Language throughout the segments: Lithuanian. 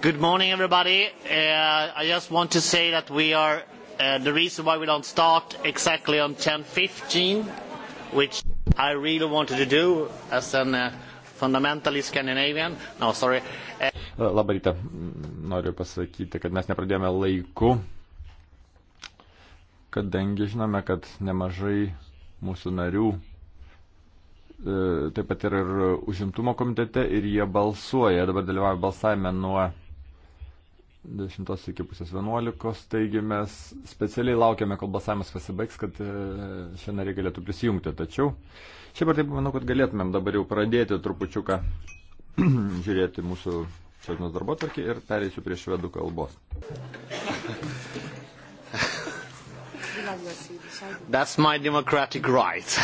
Good morning, everybody. Uh, I just want to say that we are uh, the reason why we don't start exactly on 10:15, which I really wanted to do as an uh, fundamentally Scandinavian. No, sorry. Uh, labą rytą. Noriu pasakyti, kad mes nepradėjome laiku, kadangi žinome, kad nemažai mūsų narių e, taip pat ir, ir užimtumo komitete ir jie balsuoja, dabar dalyvauja balsavime nuo 10 iki pusės 11, taigi mes specialiai laukiame, kol balsavimas pasibaigs, kad e, šie nariai galėtų prisijungti. Tačiau šiaip ar taip manau, kad galėtumėm dabar jau pradėti trupučiuką žiūrėti mūsų šiandienos darbo tvarkį ir pereisiu prie švedų kalbos. That's my democratic right.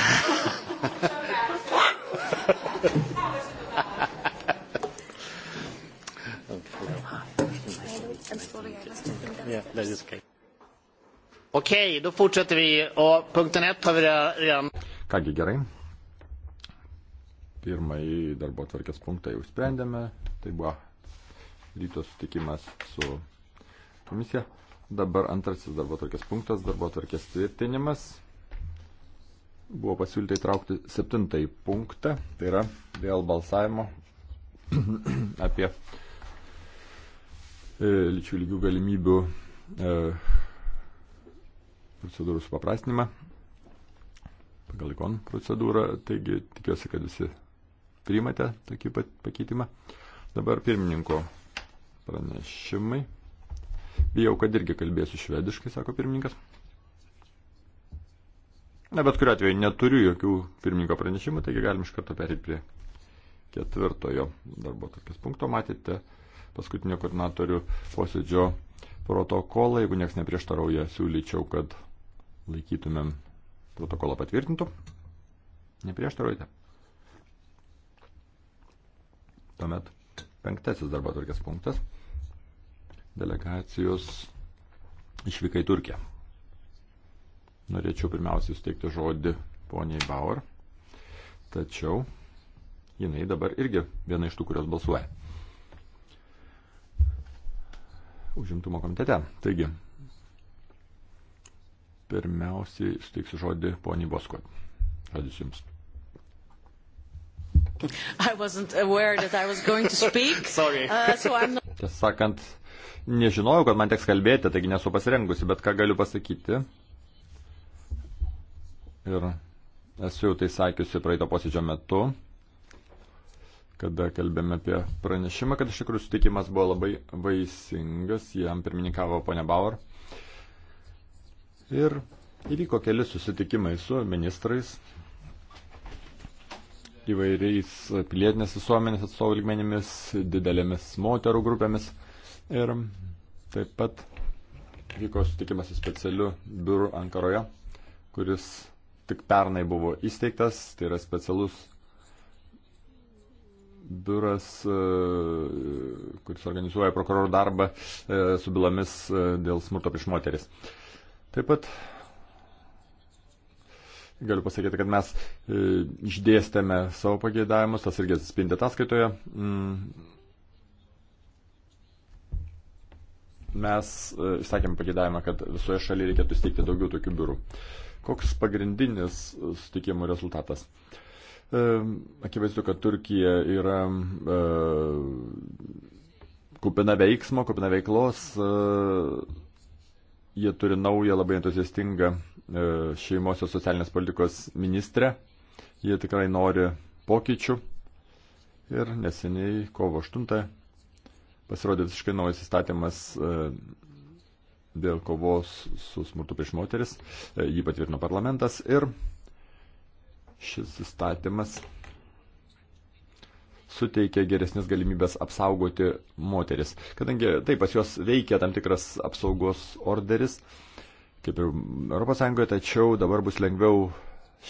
yeah, that is okay. Okej, då fortsätter vi och punkten ett har vi redan... Kągi gerai. Pirmąjį darbo tvarkės punktą jau sprendėme. Tai buvo ryto sutikimas su komisija. Dabar antrasis darbo tvarkės punktas, darbo tvarkės tvirtinimas. Buvo pasiūlyta įtraukti septintąjį punktą, tai yra dėl balsavimo apie e, lyčių lygių galimybių e, procedūrų supaprastinimą pagal ikon procedūrą. Taigi tikiuosi, kad visi priimate tokį pakeitimą. Dabar pirmininko pranešimai. Bijau, kad irgi kalbėsiu švediškai, sako pirmininkas. Na, bet kuriuo atveju neturiu jokių pirmininko pranešimų, taigi galim iš karto perėti prie ketvirtojo darbo tokias punkto. Matėte paskutinio koordinatorių posėdžio protokolą. Jeigu nieks neprieštarauja, siūlyčiau, kad laikytumėm protokolą patvirtintų. Neprieštaraujate? Tuomet penktasis darbo tokias punktas delegacijos išvyka į Turkiją. Norėčiau pirmiausiai suteikti žodį poniai Bauer, tačiau jinai dabar irgi viena iš tų, kurios balsuoja. Užimtumo komitete. Taigi, pirmiausiai suteiksiu žodį poniai Boskot. Žodis jums. I wasn't aware that I was going to speak. Sorry. Uh, so I'm not... Tiesą sakant, Nežinojau, kad man teks kalbėti, taigi nesu pasirengusi, bet ką galiu pasakyti. Ir esu jau tai sakiusi praeito posėdžio metu, kada kalbėjome apie pranešimą, kad iš tikrųjų sutikimas buvo labai vaisingas, jam pirmininkavo ponia Bauer. Ir įvyko keli susitikimai su ministrais, įvairiais pilietinės visuomenės atstovų lygmenimis, didelėmis moterų grupėmis. Ir taip pat vyko sutikimas su specialiu biuru Ankaroje, kuris tik pernai buvo įsteigtas, tai yra specialus biuras, e, kuris organizuoja prokurorų darbą e, su bylomis e, dėl smurto prieš moteris. Taip pat galiu pasakyti, kad mes išdėstėme savo pageidavimus, tas irgi atsispindi ataskaitoje. Mm Mes e, išsakėm pagėdavimą, kad visoje šalyje reikėtų steigti daugiau tokių biurų. Koks pagrindinis sutikimų rezultatas? E, akivaizdu, kad Turkija yra e, kupina veiksmo, kupina veiklos. Jie turi naują labai entuziastingą šeimos ir socialinės politikos ministrę. Jie tikrai nori pokyčių. Ir neseniai kovo 8 Pasirodė visiškai naujas įstatymas e, dėl kovos su smurtu prieš moteris, e, jį patvirtino parlamentas ir šis įstatymas suteikia geresnės galimybės apsaugoti moteris. Kadangi taip pas juos veikia tam tikras apsaugos orderis, kaip ir ES, tačiau dabar bus lengviau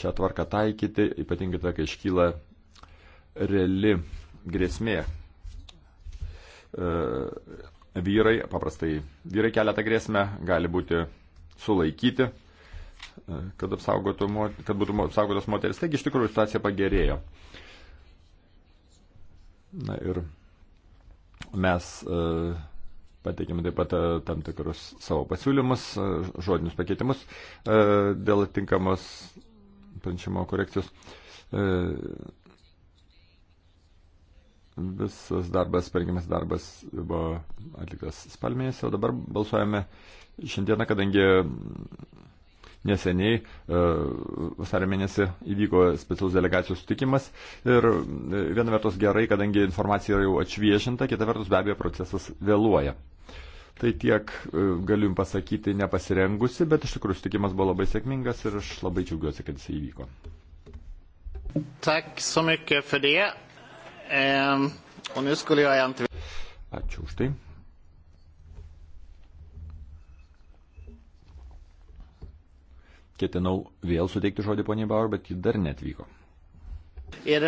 šią tvarką taikyti, ypatingai tada, kai iškyla reali grėsmė, E, vyrai, paprastai vyrai keletą grėsmę, gali būti sulaikyti, e, kad, apsaugotų, kad būtų apsaugotos moteris. Taigi iš tikrųjų situacija pagerėjo. Na ir mes e, pateikėme taip pat tam tikrus savo pasiūlymus, žodinius pakeitimus dėl tinkamos pranešimo korekcijos. Visas darbas, parengimas darbas buvo atliktas spalmėse, o dabar balsuojame šiandieną, kadangi neseniai e, vasario mėnesį įvyko specialus delegacijų sutikimas ir e, viena vertus gerai, kadangi informacija yra jau atšviešinta, kita vertus be abejo procesas vėluoja. Tai tiek e, galiu jums pasakyti nepasirengusi, bet iš tikrųjų sutikimas buvo labai sėkmingas ir aš labai džiaugiuosi, kad jis įvyko. Tak, so mycket för det. Ehm, och nu skulle jag egentligen... Ačiū už tai. Ketinau vėl suteikti žodį poniai Bauer, bet ji dar netvyko. Ar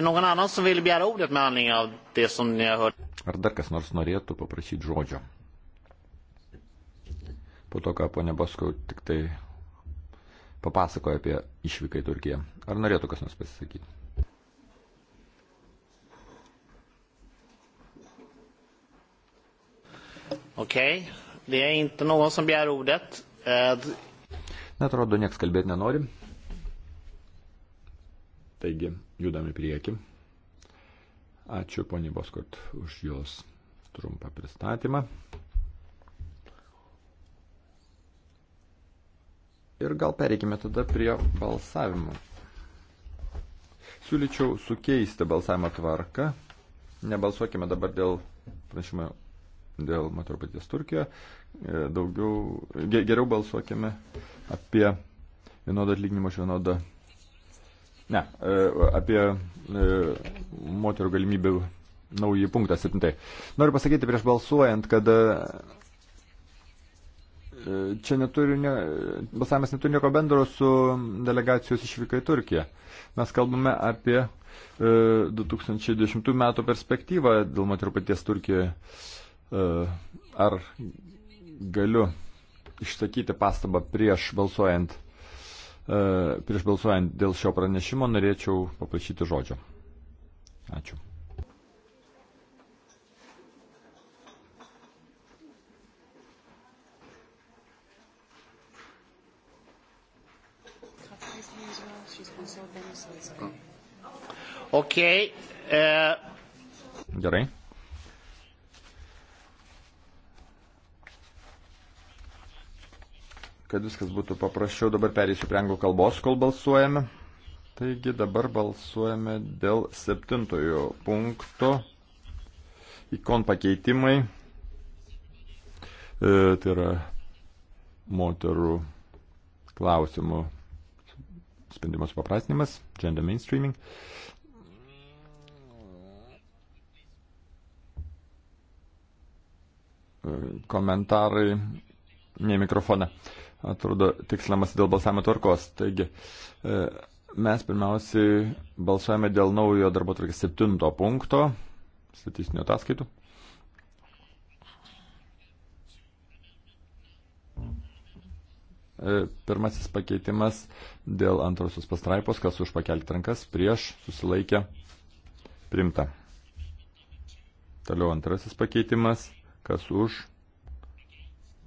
dar kas nors norėtų paprašyti žodžio? Po to, ką ponė Basko tik tai papasakojo apie išvyką į Turkiją. Ar norėtų kas nors pasisakyti? Okei, okay. det är inte någon som begär ordet. Netrodo, nieks kalbėti nenori. Taigi, judame prieki. Ačiū poniai Boskot už jos trumpą pristatymą. Ir gal pereikime tada prie balsavimo. Siūlyčiau sukeisti balsavimo tvarką. Nebalsuokime dabar dėl, prašymą, dėl Matorpaties Turkijoje. E, daugiau, geriau balsuokime apie vienodą atlyginimą už vienodą. Ne, e, apie e, moterų galimybių naują punktą 7. Noriu pasakyti prieš balsuojant, kad čia neturi, ne, balsavimas neturi nieko bendro su delegacijos išvyka į Turkiją. Mes kalbame apie 2010 metų perspektyvą dėl moterų paties Turkijoje. E, ar galiu išsakyti pastabą prieš balsuojant, e, prieš balsuojant dėl šio pranešimo, norėčiau paprašyti žodžio. Ačiū. Okay. Uh... Gerai. kad viskas būtų paprasčiau, dabar perėsiu prie anglų kalbos, kol balsuojame. Taigi dabar balsuojame dėl septintojo punkto. Ikon pakeitimai. E, tai yra moterų klausimų sprendimo supaprastinimas, gender mainstreaming. E, komentarai ne mikrofoną. E, atrodo, tikslamas dėl balsavimo tvarkos. Taigi, e, mes pirmiausiai balsuojame dėl naujo darbo tvarkės septinto punkto, statistinių ataskaitų. E, pirmasis pakeitimas dėl antrosios pastraipos, kas už pakelti rankas, prieš susilaikė primta. Toliau antrasis pakeitimas, kas už,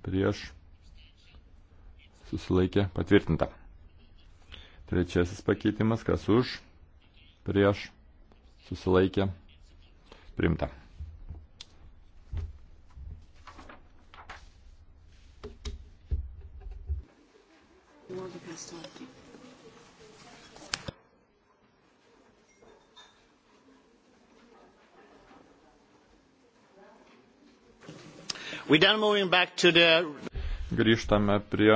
prieš susilaikė patvirtinta. Trečiasis pakeitimas, kas už, prieš, susilaikė, primta. The... Grįžtame prie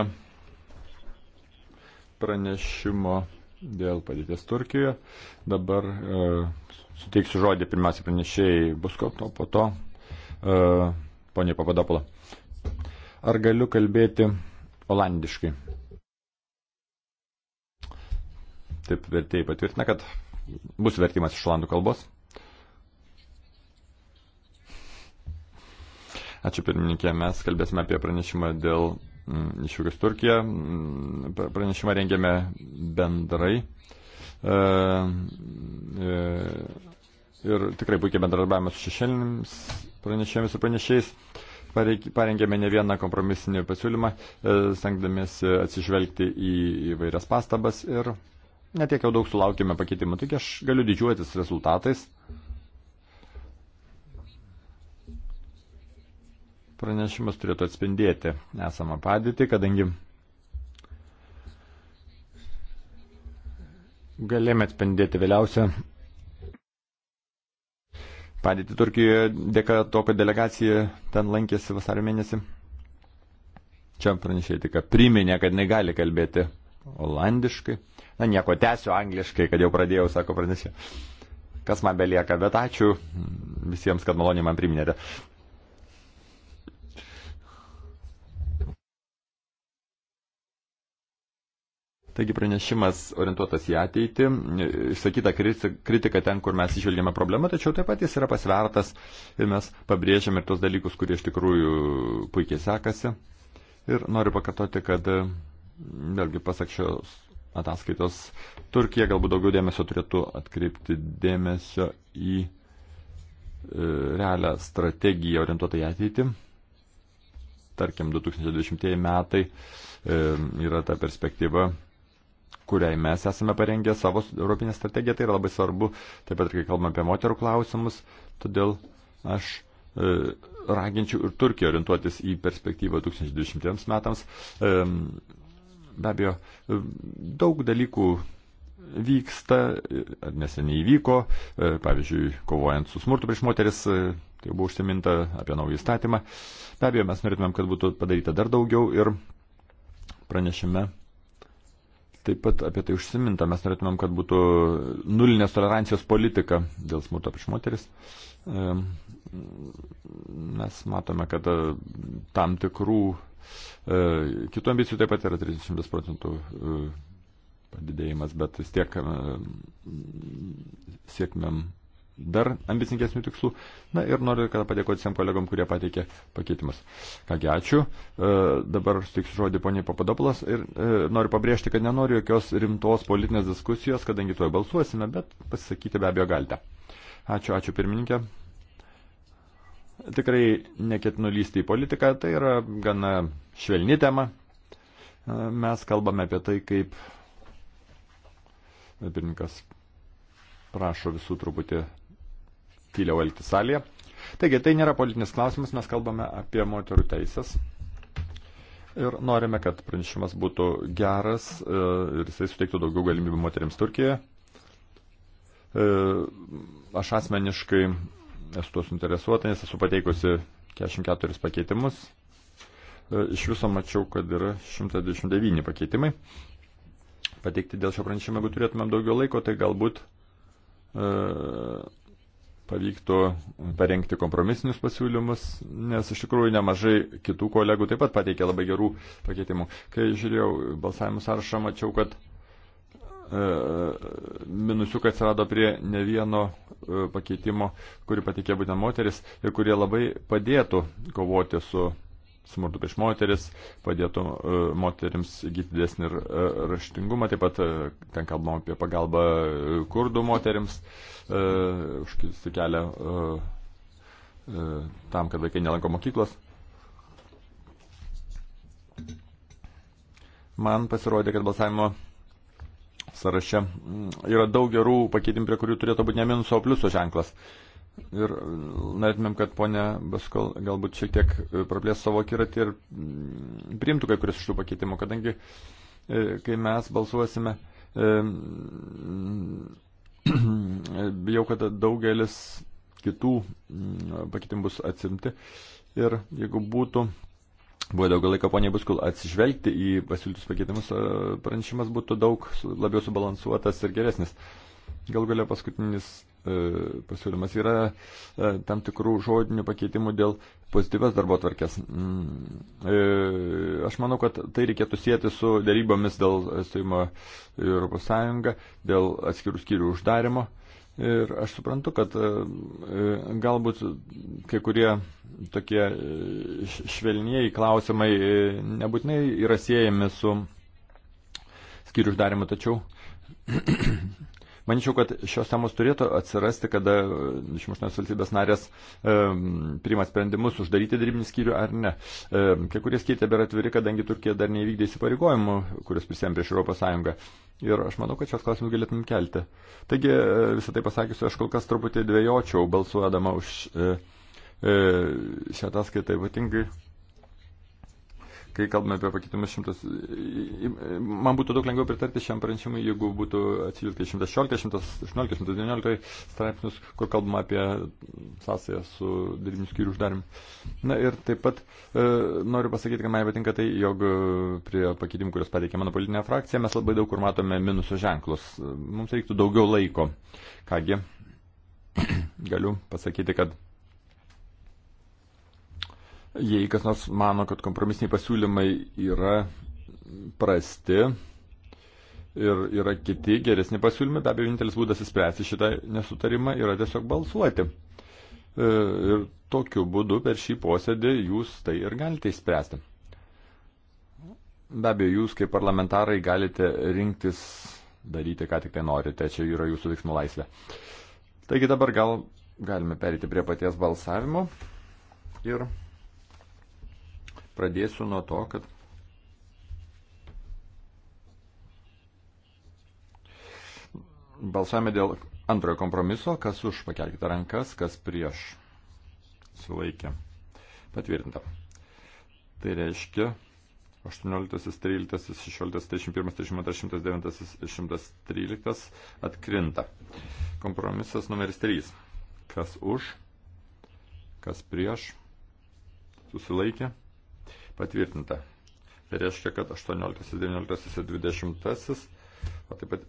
pranešimo dėl padėties Turkijoje. Dabar e, suteiksiu žodį pirmiausia pranešėjai Buskot, o po to e, ponė Papadopolo. Ar galiu kalbėti olandiškai? Taip, vertėjai patvirtina, kad bus vertimas iš olandų kalbos. Ačiū pirmininkė, mes kalbėsime apie pranešimą dėl Mm, iššūkis Turkija. Mm, pranešimą rengėme bendrai. E, e, ir tikrai puikiai bendradarbiavame su šešėlinėmis pranešėjomis ir pranešėjais. Parengėme ne vieną kompromisinį pasiūlymą, e, stengdamiesi atsižvelgti į įvairias pastabas ir netiek jau daug sulaukėme pakeitimų. Tik aš galiu didžiuotis rezultatais. Uh, pranešimas turėtų atspindėti esamą padėtį, kadangi galėjome atspindėti vėliausią padėtį Turkijoje dėka to, kad delegacija ten lankėsi vasario mėnesį. Čia pranešėjai tik priminė, kad negali kalbėti olandiškai. Na nieko, tęsiu angliškai, kad jau pradėjau, sako pranešė. Kas man belieka, bet ačiū visiems, kad maloniai man priminėte. Taigi pranešimas orientuotas į ateitį, išsakyta kritika ten, kur mes išvelgėme problemą, tačiau taip pat jis yra pasvertas ir mes pabrėžiame ir tos dalykus, kurie iš tikrųjų puikiai sekasi. Ir noriu pakartoti, kad vėlgi pasak šios ataskaitos, Turkija galbūt daugiau dėmesio turėtų atkreipti dėmesio į e, realią strategiją orientuotą į ateitį tarkim, 2020 metai e, yra ta perspektyva, kuriai mes esame parengę savo Europinę strategiją, tai yra labai svarbu, taip pat ir kai kalbame apie moterų klausimus, todėl aš e, raginčiau ir Turkiją orientuotis į perspektyvą 2020 metams. E, be abejo, e, daug dalykų vyksta, neseniai įvyko, e, pavyzdžiui, kovojant su smurtu prieš moteris, e, tai buvo užsiminta apie naują įstatymą. Be abejo, mes norėtumėm, kad būtų padaryta dar daugiau ir pranešime Taip pat apie tai užsiminta, mes norėtumėm, kad būtų nulinės tolerancijos politika dėl smurto prieš moteris. Mes matome, kad e, tam tikrų e, kitų ambicijų taip pat yra 30 procentų e, padidėjimas, bet vis tiek siekmėm dar ambicingesnių tikslų. Na ir noriu kada padėkoti visiems kolegom, kurie pateikė pakeitimus. Kągi, ačiū. E, dabar sutiksiu žodį poniai Papadopulas ir e, noriu pabrėžti, kad nenoriu jokios rimtos politinės diskusijos, kadangi tuoj balsuosime, bet pasisakyti be abejo galite. Ačiū, ačiū pirmininkė. Tikrai neketinu lysti į politiką, tai yra gana švelni tema. E, mes kalbame apie tai, kaip e, pirmininkas prašo visų truputį tyliau elgti salėje. Taigi, tai nėra politinis klausimas, mes kalbame apie moterų teisės. Ir norime, kad pranešimas būtų geras e, ir jisai suteiktų daugiau galimybių moteriams Turkijoje. E, aš asmeniškai esu tuos interesuota, nes esu pateikusi 44 pakeitimus. E, iš viso mačiau, kad yra 129 pakeitimai. Pateikti dėl šio pranešimo, jeigu turėtumėm daugiau laiko, tai galbūt pavyktų parengti kompromisinius pasiūlymus, nes iš tikrųjų nemažai kitų kolegų taip pat pateikė labai gerų pakeitimų. Kai žiūrėjau balsavimų sąrašą, mačiau, kad e, minusiukai atsirado prie ne vieno e, pakeitimo, kurį pateikė būtent moteris ir kurie labai padėtų kovoti su smurtu prieš moteris, padėtų e, moteriams įgyti didesnį e, raštingumą, taip pat e, ten kalbam apie pagalbą kurdų moteriams, užkirsti kelią tam, kad vaikai nelanko mokyklos. Man pasirodė, kad balsavimo sąraše mm, yra daug gerų pakeitimų, prie kurių turėtų būti ne minuso, o pliuso ženklas. Uh, Ir norėtumėm, kad ponia Baskol galbūt šiek tiek praplės savo kiratį ir mm, priimtų kai kuris iš tų pakeitimų, kadangi e, kai mes balsuosime, e, mm, bijau, kad daugelis kitų mm, pakeitimų bus atsimti. Ir jeigu būtų buvo daugiau laiko poniai Buskul atsižvelgti į pasiūlytus pakeitimus, e, pranešimas būtų daug labiau subalansuotas ir geresnis. Gal galia paskutinis E, pasiūlymas. Yra e, tam tikrų žodinių pakeitimų dėl pozityvios darbo tvarkės. Mm, e, aš manau, kad tai reikėtų sėti su darybomis dėl stojimo Europos Sąjungą, dėl atskirų skyrių uždarimo. Ir aš suprantu, kad galbūt kai kurie tokie švelniai klausimai nebūtinai yra siejami su skyrių uždarimu, tačiau Manyčiau, kad šios temos turėtų atsirasti, kada 28 valstybės narės e, priima sprendimus uždaryti dirbinį skyrių ar ne. E, kai kurie skyriai tebėra atviri, kadangi Turkija dar neįvykdė įsipareigojimų, kurios prisėmė prieš Europos Sąjungą. Ir aš manau, kad šios klausimus galėtum kelti. Taigi, e, visą tai pasakysiu, aš kol kas truputį dviejočiau balsuodama už e, e, šią ataskaitą ypatingai. Tai kai kalbame apie pakeitimus šimtas, man būtų daug lengviau pritarti šiam pranešimui, jeigu būtų atsižvelgta 116, 118, 119 straipsnius, kur kalbama apie sąsają su derinių skyrių uždarimu. Na ir taip pat e, noriu pasakyti, kad man patinka tai, jog prie pakeitimų, kurios pateikė mano politinė frakcija, mes labai daug kur matome minuso ženklus. Mums reiktų daugiau laiko. Kągi, galiu pasakyti, kad Jei kas nors mano, kad kompromisiniai pasiūlymai yra prasti ir yra kiti geresni pasiūlymai, be abejo, vienintelis būdas įspręsti šitą nesutarimą yra tiesiog balsuoti. E, ir tokiu būdu per šį posėdį jūs tai ir galite įspręsti. Be abejo, jūs kaip parlamentarai galite rinktis daryti, ką tik tai norite, čia yra jūsų veiksmų laisvė. Taigi dabar gal galime perėti prie paties balsavimo ir Pradėsiu nuo to, kad balsavime dėl antrojo kompromiso, kas už pakelkite rankas, kas prieš sulaikė. Patvirtinta. Tai reiškia 18, 13, 16, 31, 32, 109, 113 atkrinta. Kompromisas numeris 3. Kas už, kas prieš, susilaikė, patvirtinta. Tai reiškia, kad 18, 19 ir 20, o taip pat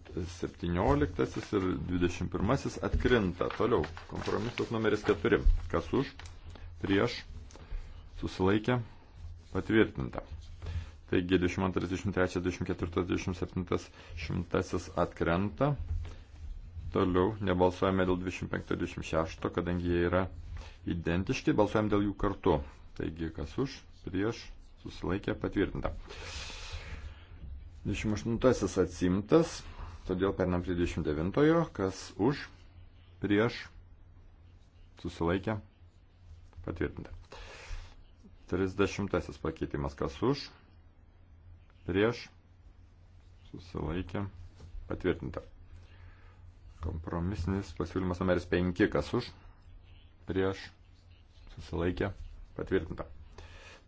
17 ir 21 atkrinta. Toliau, kompromisas numeris 4. Kas už, prieš, susilaikė, patvirtinta. Taigi 22, 23, 24, 27, 100 atkrenta. Toliau nebalsuojame dėl 25, 26, kadangi jie yra identiški, balsuojame dėl jų kartu. Taigi kas už, prieš, susilaikė patvirtinta. 28 atsimtas, todėl pernam prie 29, kas už, prieš, susilaikė patvirtinta. 30 pakeitimas, kas už, prieš, susilaikė patvirtinta. Kompromisinis pasiūlymas numeris 5, kas už, prieš, susilaikė patvirtinta.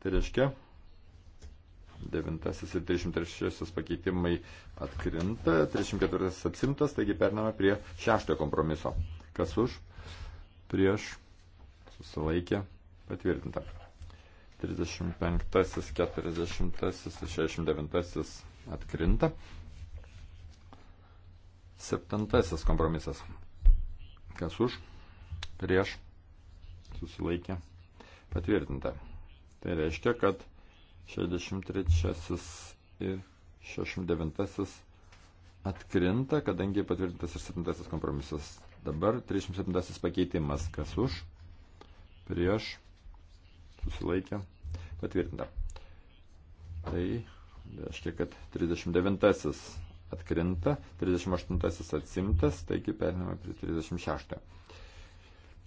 Tai reiškia, 9 ir 33 pakeitimai atkrinta, 34 atsimtas, taigi pername prie 6 kompromiso. Kas už, prieš, susilaikė, patvirtinta. 35, 40 ir 69 atkrinta. Septantasis kompromisas. Kas už, prieš, susilaikė, patvirtinta. Tai reiškia, kad 63 ir 69 atkrinta, kadangi patvirtintas ir 7 kompromisas. Dabar 37 pakeitimas. Kas už? Prieš? Susilaikė? Patvirtinta. Tai reiškia, kad 39 atkrinta, 38 atsimtas, taigi periname prie 36.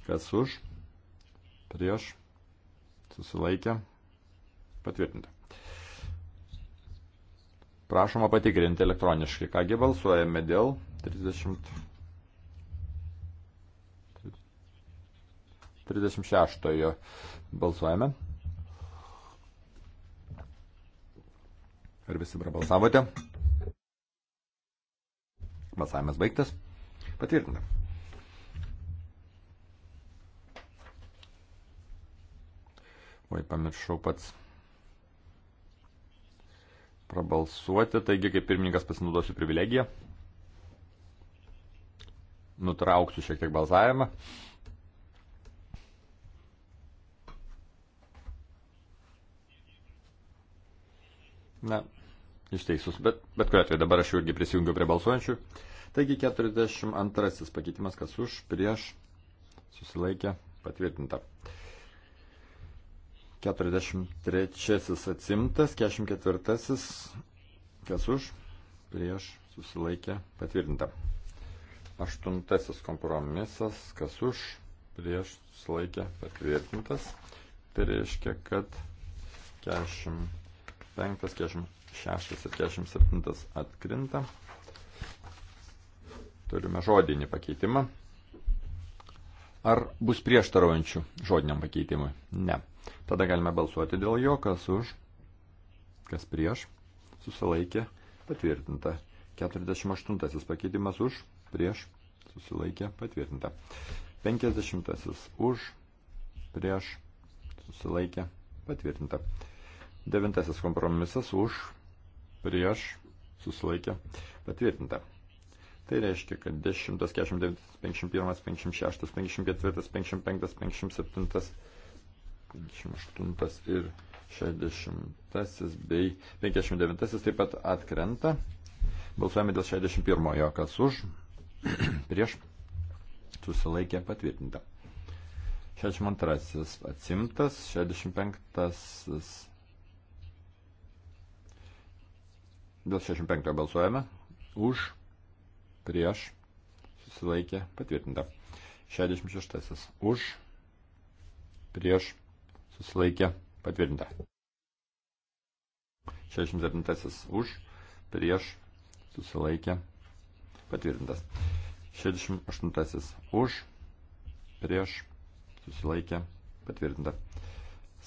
Kas už? Prieš? Susilaikė? Patvirtinta. Prašoma patikrinti elektroniškai. Kągi balsuojame dėl 30. 36 balsuojame. Ar visi prabalsavote? Balsavimas baigtas. Patvirtinta. Oi, pamiršau pats prabalsuoti, taigi kaip pirmininkas pasinaudosiu privilegiją. Nutrauksiu šiek tiek balsavimą. Na, iš teisus, bet, bet kuriuo atveju dabar aš jau irgi prisijungiu prie balsuojančių. Taigi 42 pakeitimas, kas už, prieš, susilaikė, patvirtinta. 43 atsimtas, 44 kas už, prieš susilaikė patvirtinta. Aštuntasis kompromisas, kas už, prieš susilaikė patvirtintas. Tai reiškia, kad 45, 46 ir 47 atkrinta. Turime žodinį pakeitimą. Ar bus prieštaraujančių žodiniam pakeitimui? Ne. Tada galime balsuoti dėl jo, kas už, kas prieš, susilaikė, patvirtinta. 48 pakeitimas už, prieš, susilaikė, patvirtinta. 50 už, prieš, susilaikė, patvirtinta. 9 kompromisas už, prieš, susilaikė, patvirtinta. Tai reiškia, kad 10, 49, 51, 56, 54, 55, 57 58 ir 60 bei 59 taip pat atkrenta. Balsuojame dėl 61-ojo, kas už, prieš, susilaikė patvirtinta. 62 atsimtas, 65 dėl 65 balsuojame, už, prieš, susilaikė patvirtinta. 66 už, prieš, susilaikė patvirtinta. 67 už, prieš, susilaikė, patvirtintas. 68 už, prieš, susilaikė, patvirtinta.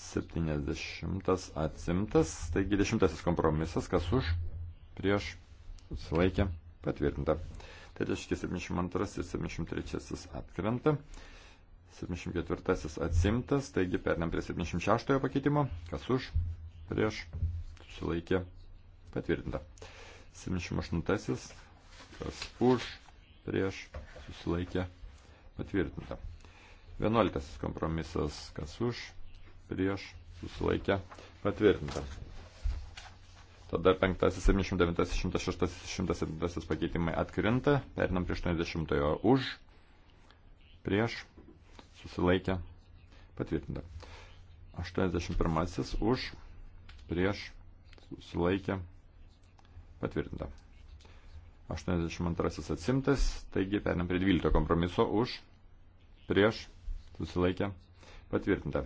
70 atsimtas, taigi 10 kompromisas, kas už, prieš, susilaikė, patvirtinta. Tai reiškia 72 ir 73 atkrenta. 74 atsimtas, taigi pernam prie 76 pakeitimo. Kas už, prieš, susilaikė, patvirtinta. 78, kas už, prieš, susilaikė, patvirtinta. 11 kompromisas, kas už, prieš, susilaikė, patvirtinta. Tada 5, 79, 106, 107 pakeitimai atkrinta, pernam prie 80 už, prieš, susilaikė, patvirtinta. 81 už, prieš, susilaikė, patvirtinta. 82 atsimtas, taigi perinam prie 12 kompromiso už, prieš, susilaikė, patvirtinta.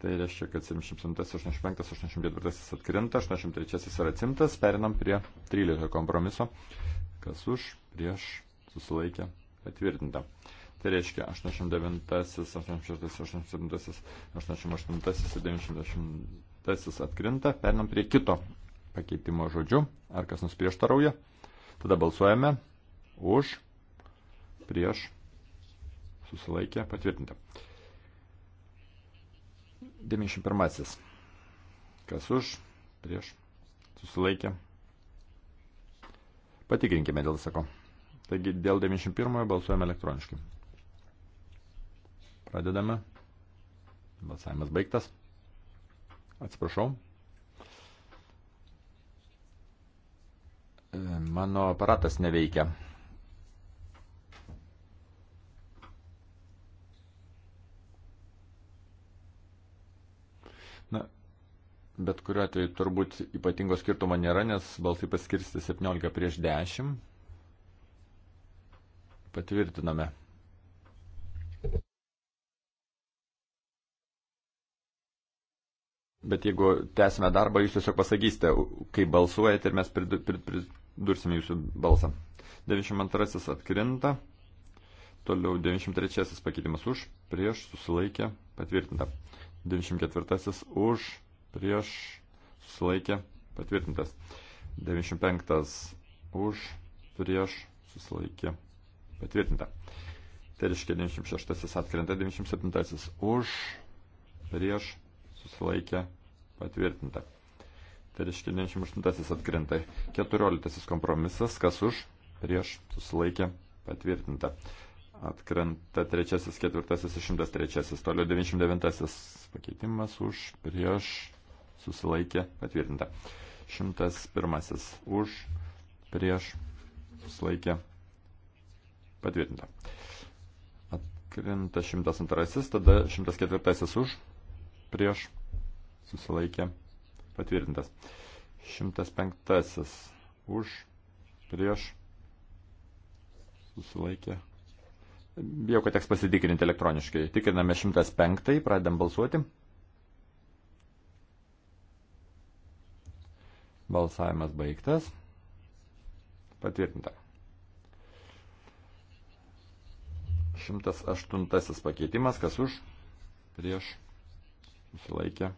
Tai reiškia, kad 77, 85, 84 atkrinta, 83 yra atsimtas, perinam prie 13 kompromiso, kas už, prieš, susilaikė, patvirtinta. Tai reiškia 89, 86, 87, 88 ir 90 atkrinta. Pernam prie kito pakeitimo žodžių. Ar kas nus prieštarauja? Tada balsuojame už, prieš, susilaikę, patvirtinta. 91. Kas už, prieš, susilaikė. Patikrinkime dėl sako. Taigi dėl 91 balsuojame elektroniškai. Pradedame. Balsavimas baigtas. Atsiprašau. E, mano aparatas neveikia. Na, bet kuriuo atveju turbūt ypatingo skirtumo nėra, nes balsai paskirsti 17 prieš 10. Patvirtiname. Bet jeigu tęsime darbą, jūs tiesiog pasakysite, kai balsuojate ir mes pridursime jūsų balsą. 92 atkrinta, toliau 93 pakeitimas už, prieš, susilaikė, patvirtinta. 94 už, prieš, susilaikė, patvirtintas. 95 už, prieš, susilaikė, patvirtinta. Tai reiškia 96 atkrenta, 97 už, prieš, susilaikė patvirtinta. Tai reiškia 98 atkrinta. 14 kompromisas, kas už, prieš, susilaikė patvirtinta. Atkrenta 3, 4, 103, toliau 99 pakeitimas už, prieš, susilaikė patvirtinta. 101 už, prieš, susilaikė patvirtinta. Atkrinta 102, tada 104 už, prieš, susilaikė, patvirtintas. 105 už, prieš, susilaikė. Bijau, kad teks pasitikrinti elektroniškai. Tikriname 105, pradedam balsuoti. Balsavimas baigtas. Patvirtinta. 108 pakeitimas, kas už, prieš, susilaikė.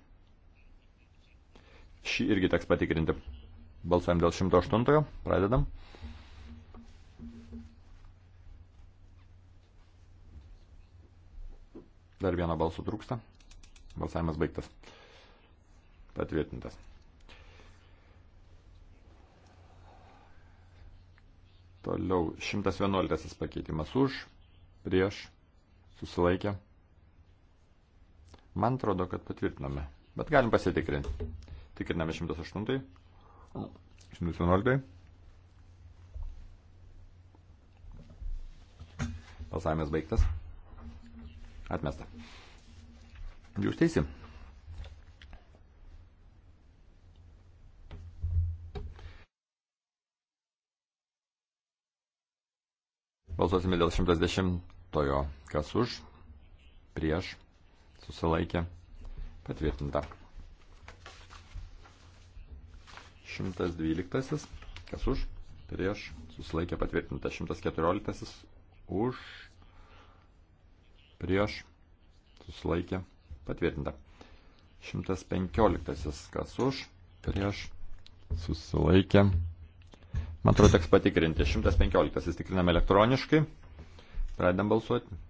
Šį irgi teks patikrinti. Balsavim dėl 108. Pradedam. Dar vieno balsų trūksta. Balsavimas baigtas. Patvirtintas. Toliau 111 pakeitimas už, prieš, susilaikė. Man atrodo, kad patvirtiname. Bet galim pasitikrinti. Tikriname 108. 111. Balsavimas baigtas. Atmesta. Jūs teisi. Balsuosime dėl 110. Kas už? Prieš susilaikė, patvirtinta. 112, kas už, prieš, susilaikė, patvirtinta. 114, už, prieš, susilaikė, patvirtinta. 115, kas už, prieš, susilaikė. Man atrodo, teks patikrinti. 115, tikriname elektroniškai. Pradedam balsuoti.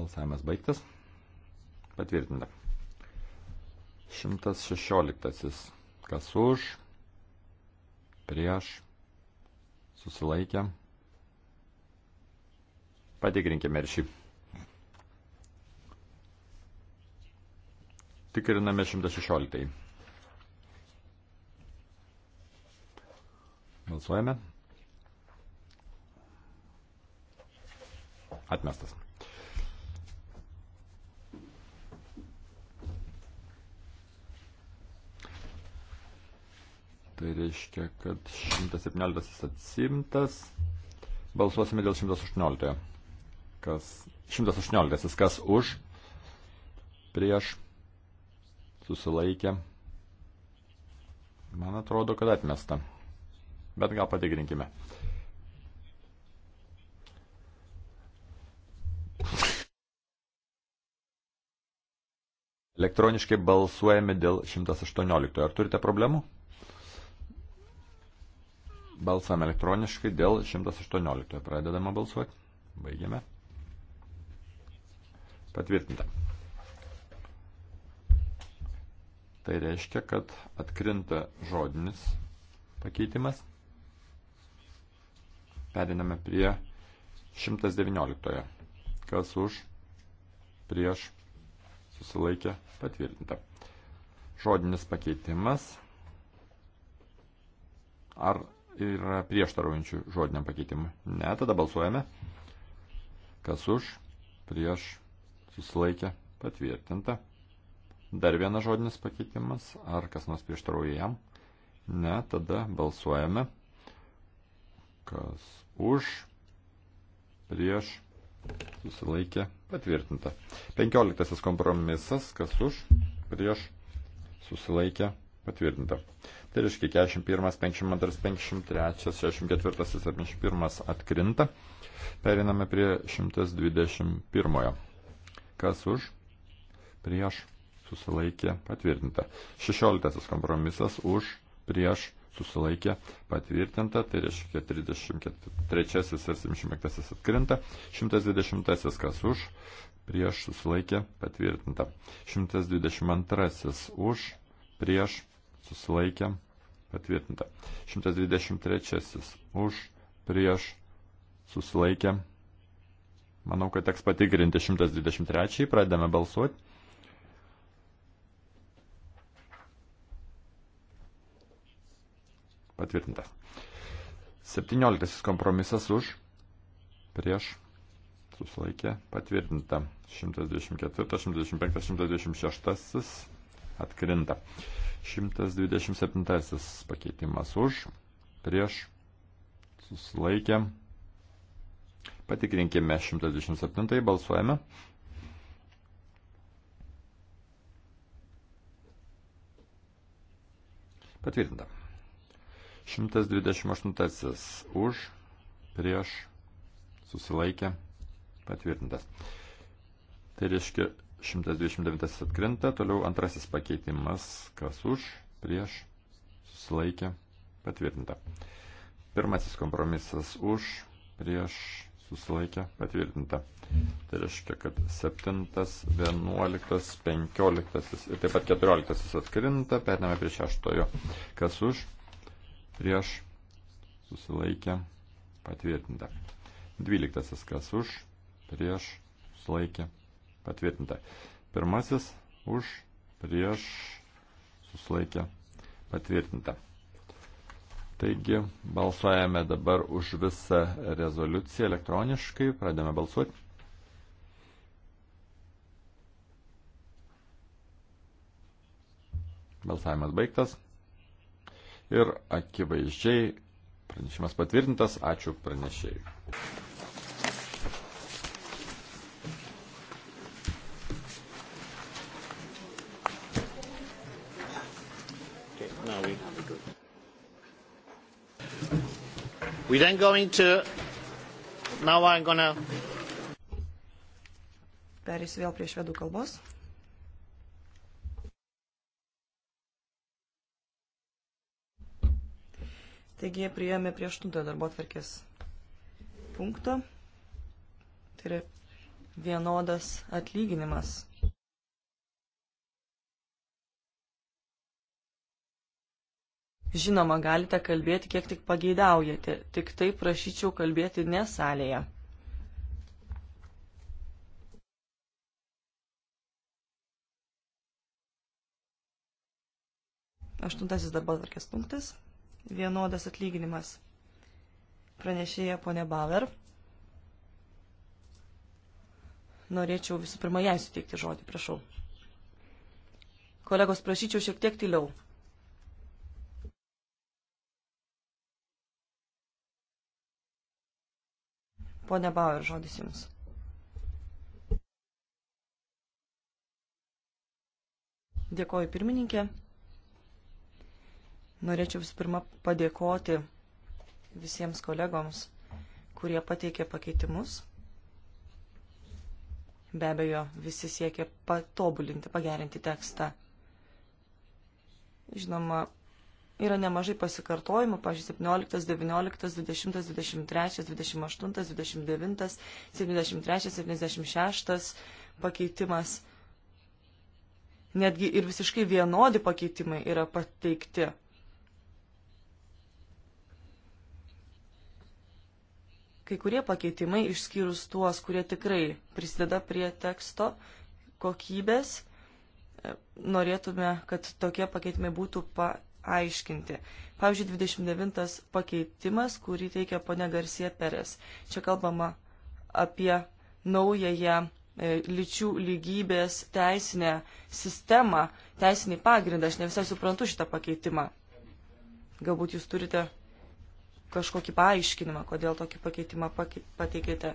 Balsavimas baigtas. Patvirtinta. 116. Kas už, prieš, susilaikė. Patikrinkime ir šį. Tikriname 116. Balsuojame. Atmestas. Tai reiškia, kad 117 atsimtas. Balsuosime dėl 118. Kas, 118. Kas už? Prieš? Susilaikė? Man atrodo, kad atmesta. Bet gal patikrinkime. Elektroniškai balsuojame dėl 118. Ar turite problemų? Balsam elektroniškai dėl 118. Pradedama balsuoti. Baigiame. Patvirtinta. Tai reiškia, kad atkrinta žodinis pakeitimas. Periname prie 119. Kas už, prieš, susilaikė, patvirtinta. Žodinis pakeitimas. Ar yra prieštaraujančių žodiniam pakeitimui? Ne, tada balsuojame. Kas už, prieš, susilaikė, patvirtinta. Dar vienas žodinis pakeitimas, ar kas nors prieštarauja jam? Ne, tada balsuojame. Kas už, prieš, susilaikė, patvirtinta. Penkioliktasis kompromisas, kas už, prieš, susilaikė, patvirtinta. Tai reiškia 41, 52, 53, 64 ir 71 atkrinta. Periname prie 121. Kas už? Prieš susilaikė patvirtinta. 16 kompromisas už prieš susilaikė patvirtinta, tai reiškia 33 ir 75 atkrinta, 120 kas už, prieš susilaikė patvirtinta, 122 už, prieš susilaikė, patvirtinta. 123 už, prieš, susilaikė. Manau, kad teks patikrinti 123, pradedame balsuoti. Patvirtinta. 17 kompromisas už, prieš, susilaikė, patvirtinta. 124, 125, 126 atkrinta. 127 pakeitimas už, prieš, susilaikė. Patikrinkime 127, balsuojame. Patvirtinta. 128 už, prieš, susilaikė, patvirtintas. Tai reiškia 129 atkrinta, toliau antrasis pakeitimas, kas už, prieš, susilaikė, patvirtinta. Pirmasis kompromisas už, prieš, susilaikė, patvirtinta. Tai reiškia, kad 7, 11, 15 ir taip pat 14 atkrinta, periname prie 6, kas už, prieš, susilaikė, patvirtinta. 12 kas už, prieš, susilaikė, patvirtinta. Pirmasis už, prieš, susilaikė, patvirtinta. Taigi balsuojame dabar už visą rezoliuciją elektroniškai, pradėme balsuoti. Balsavimas baigtas ir akivaizdžiai pranešimas patvirtintas. Ačiū pranešėjai. We then go into. Now I'm gonna. Perėsiu vėl prie švedų kalbos. Taigi priėjome prie aštuntojo darbo atvarkės punkto. Tai yra vienodas atlyginimas Žinoma, galite kalbėti kiek tik pageidaujate, tik tai prašyčiau kalbėti ne salėje. Aštuntasis darbo tvarkės punktas - vienodas atlyginimas. Pranešėja ponė Bauer. Norėčiau visų pirma jai suteikti žodį, prašau. Kolegos, prašyčiau šiek tiek tyliau. Pone Bauer, žodis Jums. Dėkoju pirmininkė. Norėčiau visų pirma padėkoti visiems kolegoms, kurie pateikė pakeitimus. Be abejo, visi siekia patobulinti, pagerinti tekstą. Žinoma, yra nemažai pasikartojimų, pažiūrėjau, 17, 19, 20, 23, 28, 29, 73, 76 pakeitimas. Netgi ir visiškai vienodi pakeitimai yra pateikti. Kai kurie pakeitimai, išskyrus tuos, kurie tikrai prisideda prie teksto kokybės, norėtume, kad tokie pakeitimai būtų pa aiškinti. Pavyzdžiui, 29 pakeitimas, kurį teikia ponia Garcia Perės. Čia kalbama apie naująją e, lyčių lygybės teisinę sistemą, teisinį pagrindą. Aš ne visai suprantu šitą pakeitimą. Galbūt jūs turite kažkokį paaiškinimą, kodėl tokį pakeitimą pateikėte.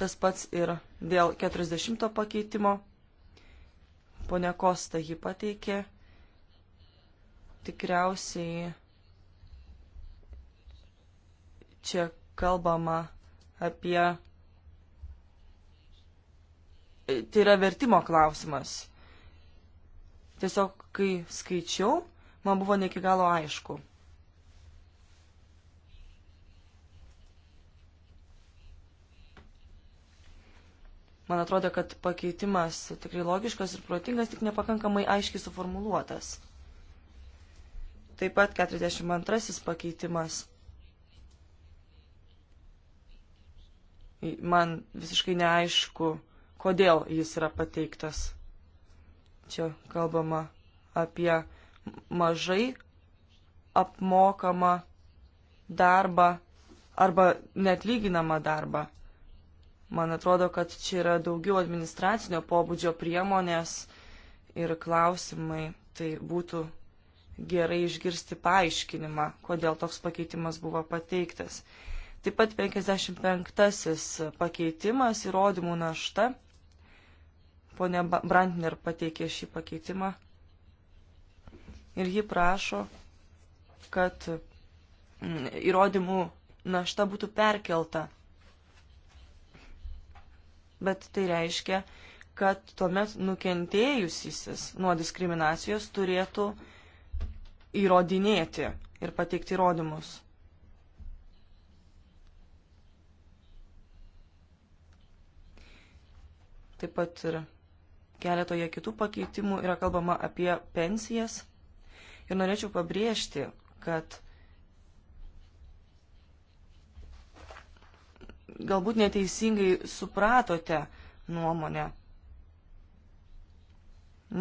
Tas pats ir dėl 40 pakeitimo. Pone Kosta jį pateikė Tikriausiai čia kalbama apie. Tai yra vertimo klausimas. Tiesiog, kai skaičiau, man buvo ne iki galo aišku. Man atrodo, kad pakeitimas tikrai logiškas ir protingas, tik nepakankamai aiškiai suformuluotas. Taip pat 42 pakeitimas. Man visiškai neaišku, kodėl jis yra pateiktas. Čia kalbama apie mažai apmokamą darbą arba netlyginamą darbą. Man atrodo, kad čia yra daugiau administracinio pobūdžio priemonės ir klausimai. Tai būtų gerai išgirsti paaiškinimą, kodėl toks pakeitimas buvo pateiktas. Taip pat 55-asis pakeitimas įrodymų našta. Pone Brandner pateikė šį pakeitimą. Ir ji prašo, kad mm, įrodymų našta būtų perkelta. Bet tai reiškia, kad tuomet nukentėjusysis nuo diskriminacijos turėtų uh, įrodinėti ir pateikti įrodymus. Taip pat ir keletoje kitų pakeitimų yra kalbama apie pensijas. Ir norėčiau pabrėžti, kad galbūt neteisingai supratote nuomonę,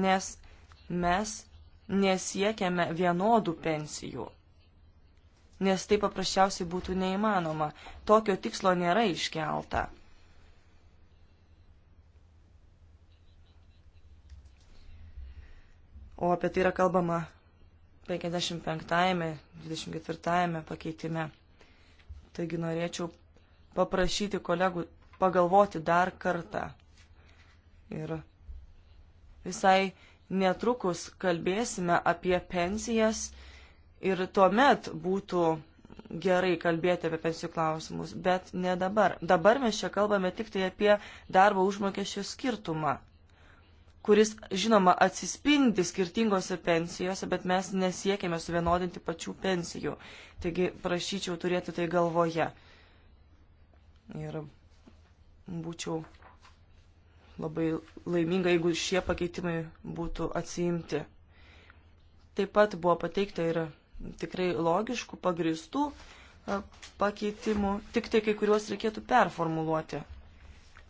nes mes nesiekiame vienodų pensijų, nes tai paprasčiausiai būtų neįmanoma. Tokio tikslo nėra iškelta. O apie tai yra kalbama 55-ame, 24-ame pakeitime. Taigi norėčiau paprašyti kolegų pagalvoti dar kartą. Ir visai netrukus kalbėsime apie pensijas ir tuomet būtų gerai kalbėti apie pensijų klausimus, bet ne dabar. Dabar mes čia kalbame tik tai apie darbo užmokesčio skirtumą, kuris, žinoma, atsispindi skirtingose pensijose, bet mes nesiekėme suvienodinti pačių pensijų. Taigi prašyčiau turėti tai galvoje. Ir būčiau labai laiminga, jeigu šie pakeitimai būtų atsiimti. Taip pat buvo pateikta ir tikrai logiškų, pagristų pakeitimų, tik tai kai kuriuos reikėtų performuluoti.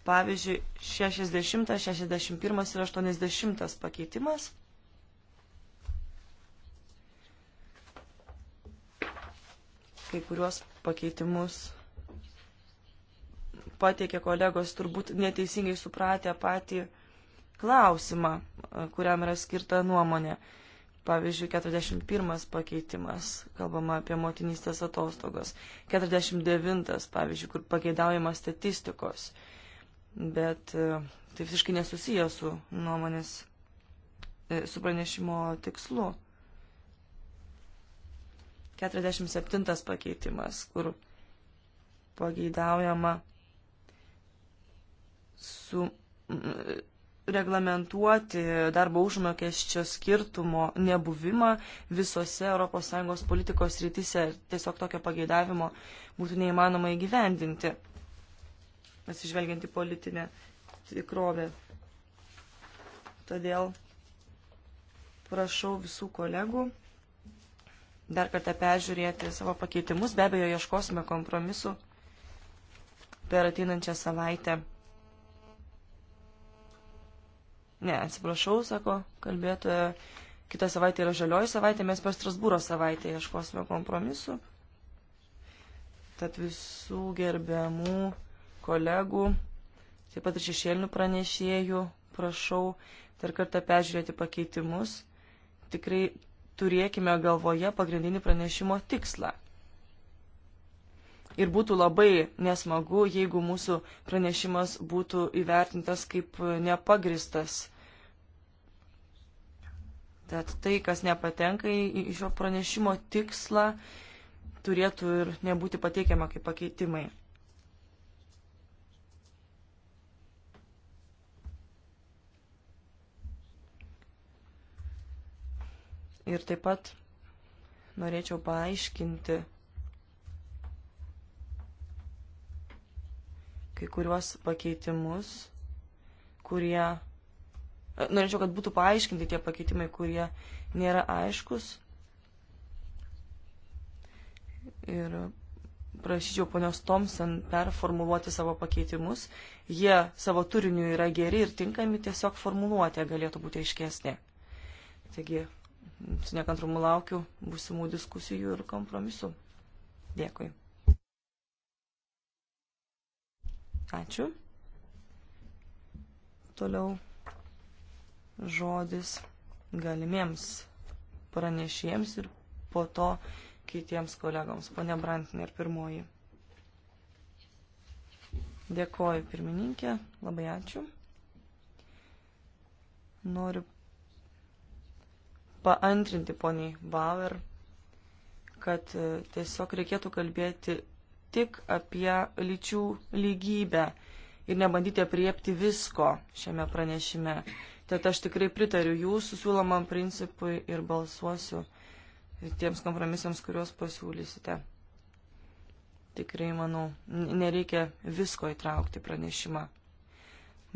Pavyzdžiui, 60, 61 ir 80 pakeitimas. Kai kuriuos pakeitimus pateikė kolegos, turbūt neteisingai supratę patį klausimą, kuriam yra skirta nuomonė. Pavyzdžiui, 41 pakeitimas, kalbama apie motinystės atostogas, 49, pavyzdžiui, kur pageidaujama statistikos, bet e, tai visiškai nesusiję su nuomonės, e, su pranešimo tikslu. 47 pakeitimas, kur pageidaujama su mm, reglamentuoti darbo užmokesčio skirtumo nebuvimą visose ES politikos rytise. Tiesiog tokio pageidavimo būtų neįmanoma įgyvendinti, pasižvelgiant į politinę tikrovę. Todėl prašau visų kolegų dar kartą peržiūrėti savo pakeitimus. Be abejo, ieškosime kompromisu per ateinančią savaitę. Ne, atsiprašau, sako kalbėtoja. Kita savaitė yra žalioji savaitė, mes per Strasbūro savaitę ieškosime kompromisu. Tad visų gerbiamų kolegų, taip pat ir šešėlinių pranešėjų, prašau dar kartą peržiūrėti pakeitimus. Tikrai turėkime galvoje pagrindinį pranešimo tikslą. Ir būtų labai nesmagu, jeigu mūsų pranešimas būtų įvertintas kaip nepagristas. Tad tai, kas nepatenka į šio pranešimo tikslą, turėtų ir nebūti pateikiama kaip pakeitimai. Ir taip pat norėčiau paaiškinti, kai kuriuos pakeitimus, kurie. E, norėčiau, kad būtų paaiškinti tie pakeitimai, kurie nėra aiškus. Ir prašyčiau ponios Thompson performuluoti savo pakeitimus. Jie savo turiniu yra geri ir tinkami, tiesiog formuluotė galėtų būti aiškesnė. Taigi, su nekantrumu laukiu būsimų diskusijų ir kompromisų. Dėkui. Ačiū. Toliau žodis galimiems pranešėjams ir po to kitiems kolegoms. Pone Brantinė ir pirmoji. Dėkoju pirmininkė, labai ačiū. Noriu paantrinti poniai Bauer, kad tiesiog reikėtų kalbėti tik apie lyčių lygybę ir nebandyti apriepti visko šiame pranešime. Tad aš tikrai pritariu jūsų siūlomam principui ir balsuosiu tiems kompromisams, kuriuos pasiūlysite. Tikrai, manau, nereikia visko įtraukti pranešimą.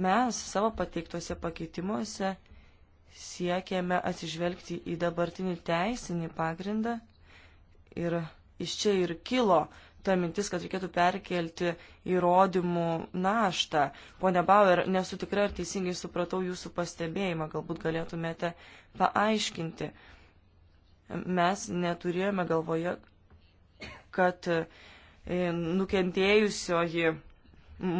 Mes savo pateiktuose pakeitimuose siekėme atsižvelgti į dabartinį teisinį pagrindą ir iš čia ir kilo ta mintis, kad reikėtų perkelti įrodymų naštą. Pone Bauer, nesu tikra, ar teisingai supratau jūsų pastebėjimą, galbūt galėtumėte paaiškinti. Mes neturėjome galvoje, kad e, nukentėjusioji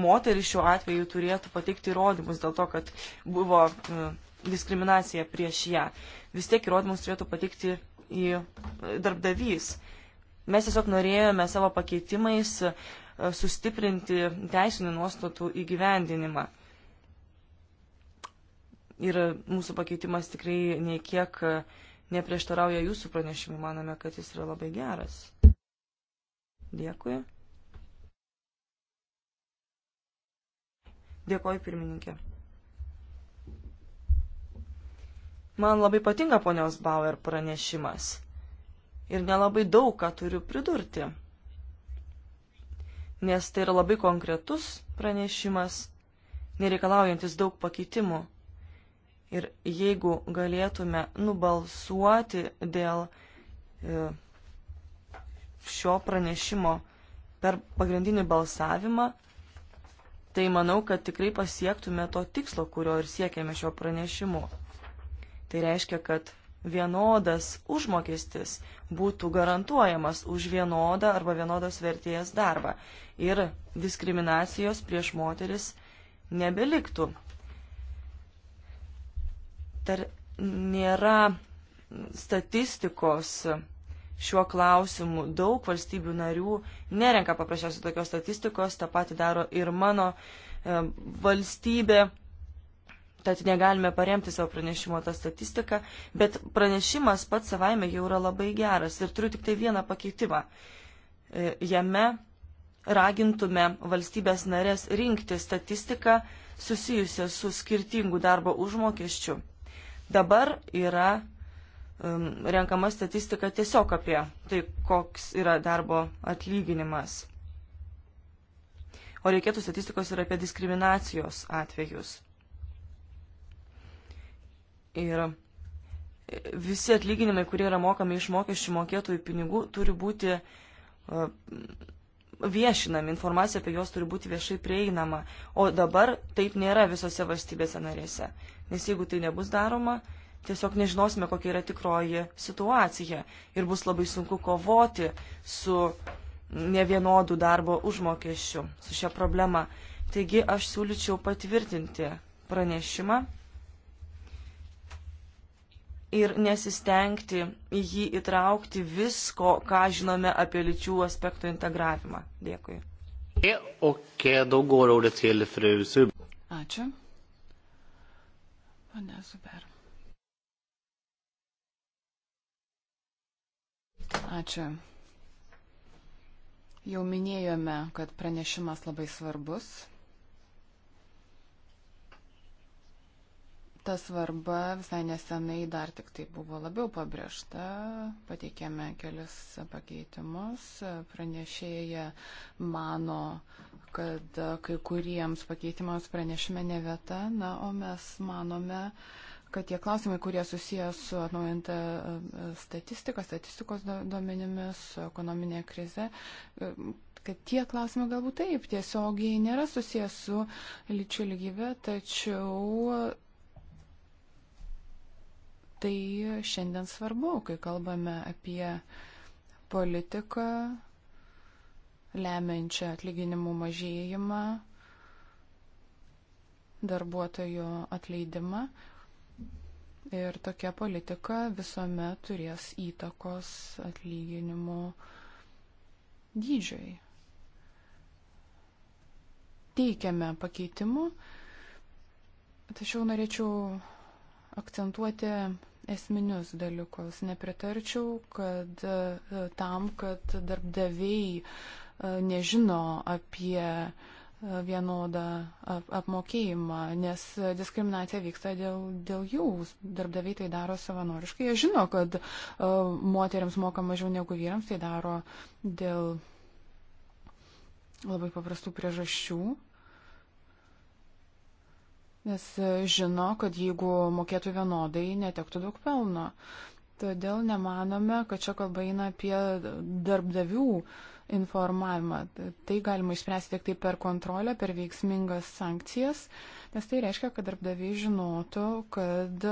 moteris šiuo atveju turėtų pateikti įrodymus dėl to, kad buvo e, diskriminacija prieš ją. Vis tiek įrodymus turėtų pateikti į e, darbdavys. Mes tiesiog norėjome savo pakeitimais e, sustiprinti teisinių nuostatų įgyvendinimą. Ir mūsų pakeitimas tikrai nei kiek e, neprieštarauja jūsų pranešimui, manome, kad jis yra labai geras. Dėkui. Dėkoju pirmininkė. Man labai patinka ponios Bauer pranešimas ir nelabai daug ką turiu pridurti, nes tai yra labai konkretus pranešimas, nereikalaujantis daug pakeitimų. Ir jeigu galėtume nubalsuoti dėl e, šio pranešimo per pagrindinį balsavimą, tai manau, kad tikrai pasiektume to tikslo, kurio ir siekėme šio pranešimu. Tai reiškia, kad vienodas užmokestis būtų garantuojamas už vienodą arba vienodos vertės darbą ir diskriminacijos prieš moteris nebeliktų. Tar nėra statistikos šiuo klausimu daug valstybių narių nerenka paprasčiausiai tokios statistikos, tą patį daro ir mano e, valstybė tad negalime paremti savo pranešimo tą statistiką, bet pranešimas pats savaime jau yra labai geras ir turiu tik tai vieną pakeitimą. E, jame ragintume valstybės narės rinkti statistiką susijusią su skirtingu darbo užmokesčiu. Dabar yra um, renkama statistika tiesiog apie tai, koks yra darbo atlyginimas. O reikėtų statistikos ir apie diskriminacijos atvejus. Ir visi atlyginimai, kurie yra mokami iš mokesčių mokėtojų pinigų, turi būti uh, viešinami, informacija apie juos turi būti viešai prieinama. O dabar taip nėra visose valstybėse narėse. Nes jeigu tai nebus daroma, tiesiog nežinosime, kokia yra tikroji situacija. Ir bus labai sunku kovoti su nevienodų darbo užmokesčiu, su šia problema. Taigi aš siūlyčiau patvirtinti pranešimą ir nesistengti į jį įtraukti visko, ką žinome apie lyčių aspektų integravimą. Dėkui. E, Ačiū. Pane Zuber. Ačiū. Jau minėjome, kad pranešimas labai svarbus. ta svarba visai nesenai dar tik tai buvo labiau pabrėžta, pateikėme kelias pakeitimus, pranešėja mano, kad kai kuriems pakeitimams pranešime ne vieta, na, o mes manome, kad tie klausimai, kurie susijęs su atnaujinta e, statistika, statistikos duomenimis, su ekonominė krize, e, kad tie klausimai galbūt taip tiesiogiai nėra susijęs su lyčių lygybė, tačiau tai šiandien svarbu, kai kalbame apie politiką, lemiančią atlyginimų mažėjimą, darbuotojų atleidimą. Ir tokia politika visuomet turės įtakos atlyginimų dydžiui. Teikiame pakeitimų, tačiau norėčiau akcentuoti esminius dalykus. Nepritarčiau, kad e, tam, kad darbdaviai e, nežino apie e, vienodą apmokėjimą, nes diskriminacija vyksta dėl, dėl jų. Darbdaviai tai daro savanoriškai. Jie žino, kad moteriams moka mažiau negu vyrams, tai daro dėl labai paprastų priežasčių nes e, žino, kad jeigu mokėtų vienodai, netektų daug pelno. Todėl nemanome, kad čia kalba eina apie darbdavių informavimą. Tai galima išspręsti tik tai per kontrolę, per veiksmingas sankcijas, nes tai reiškia, kad darbdaviai žinotų, kad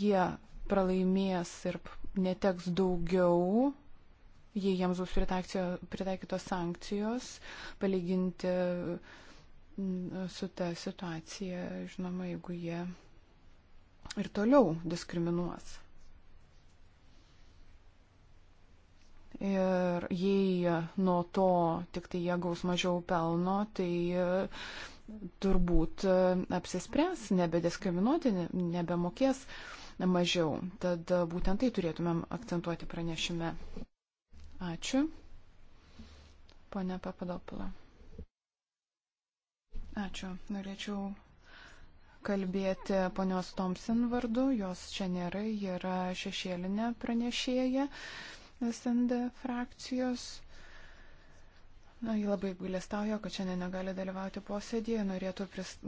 jie pralaimės ir neteks daugiau, jei jiems bus pritaikytos sankcijos, palyginti Mm, su ta situacija, žinoma, jeigu jie ir toliau diskriminuos. Ir jei nuo to tik tai jie gaus mažiau pelno, tai e, turbūt e, apsispręs, nebediskriminuoti, nebemokės mažiau. Tad e, būtent tai turėtumėm akcentuoti pranešime. Ačiū. Pone Papadopula. Ačiū. Norėčiau kalbėti ponios Thompson vardu. Jos čia nėra, ji yra šešėlinė pranešėja SND frakcijos. Na, jį labai apgailestauja, kad šiandien negali dalyvauti posėdėje. Norėtų,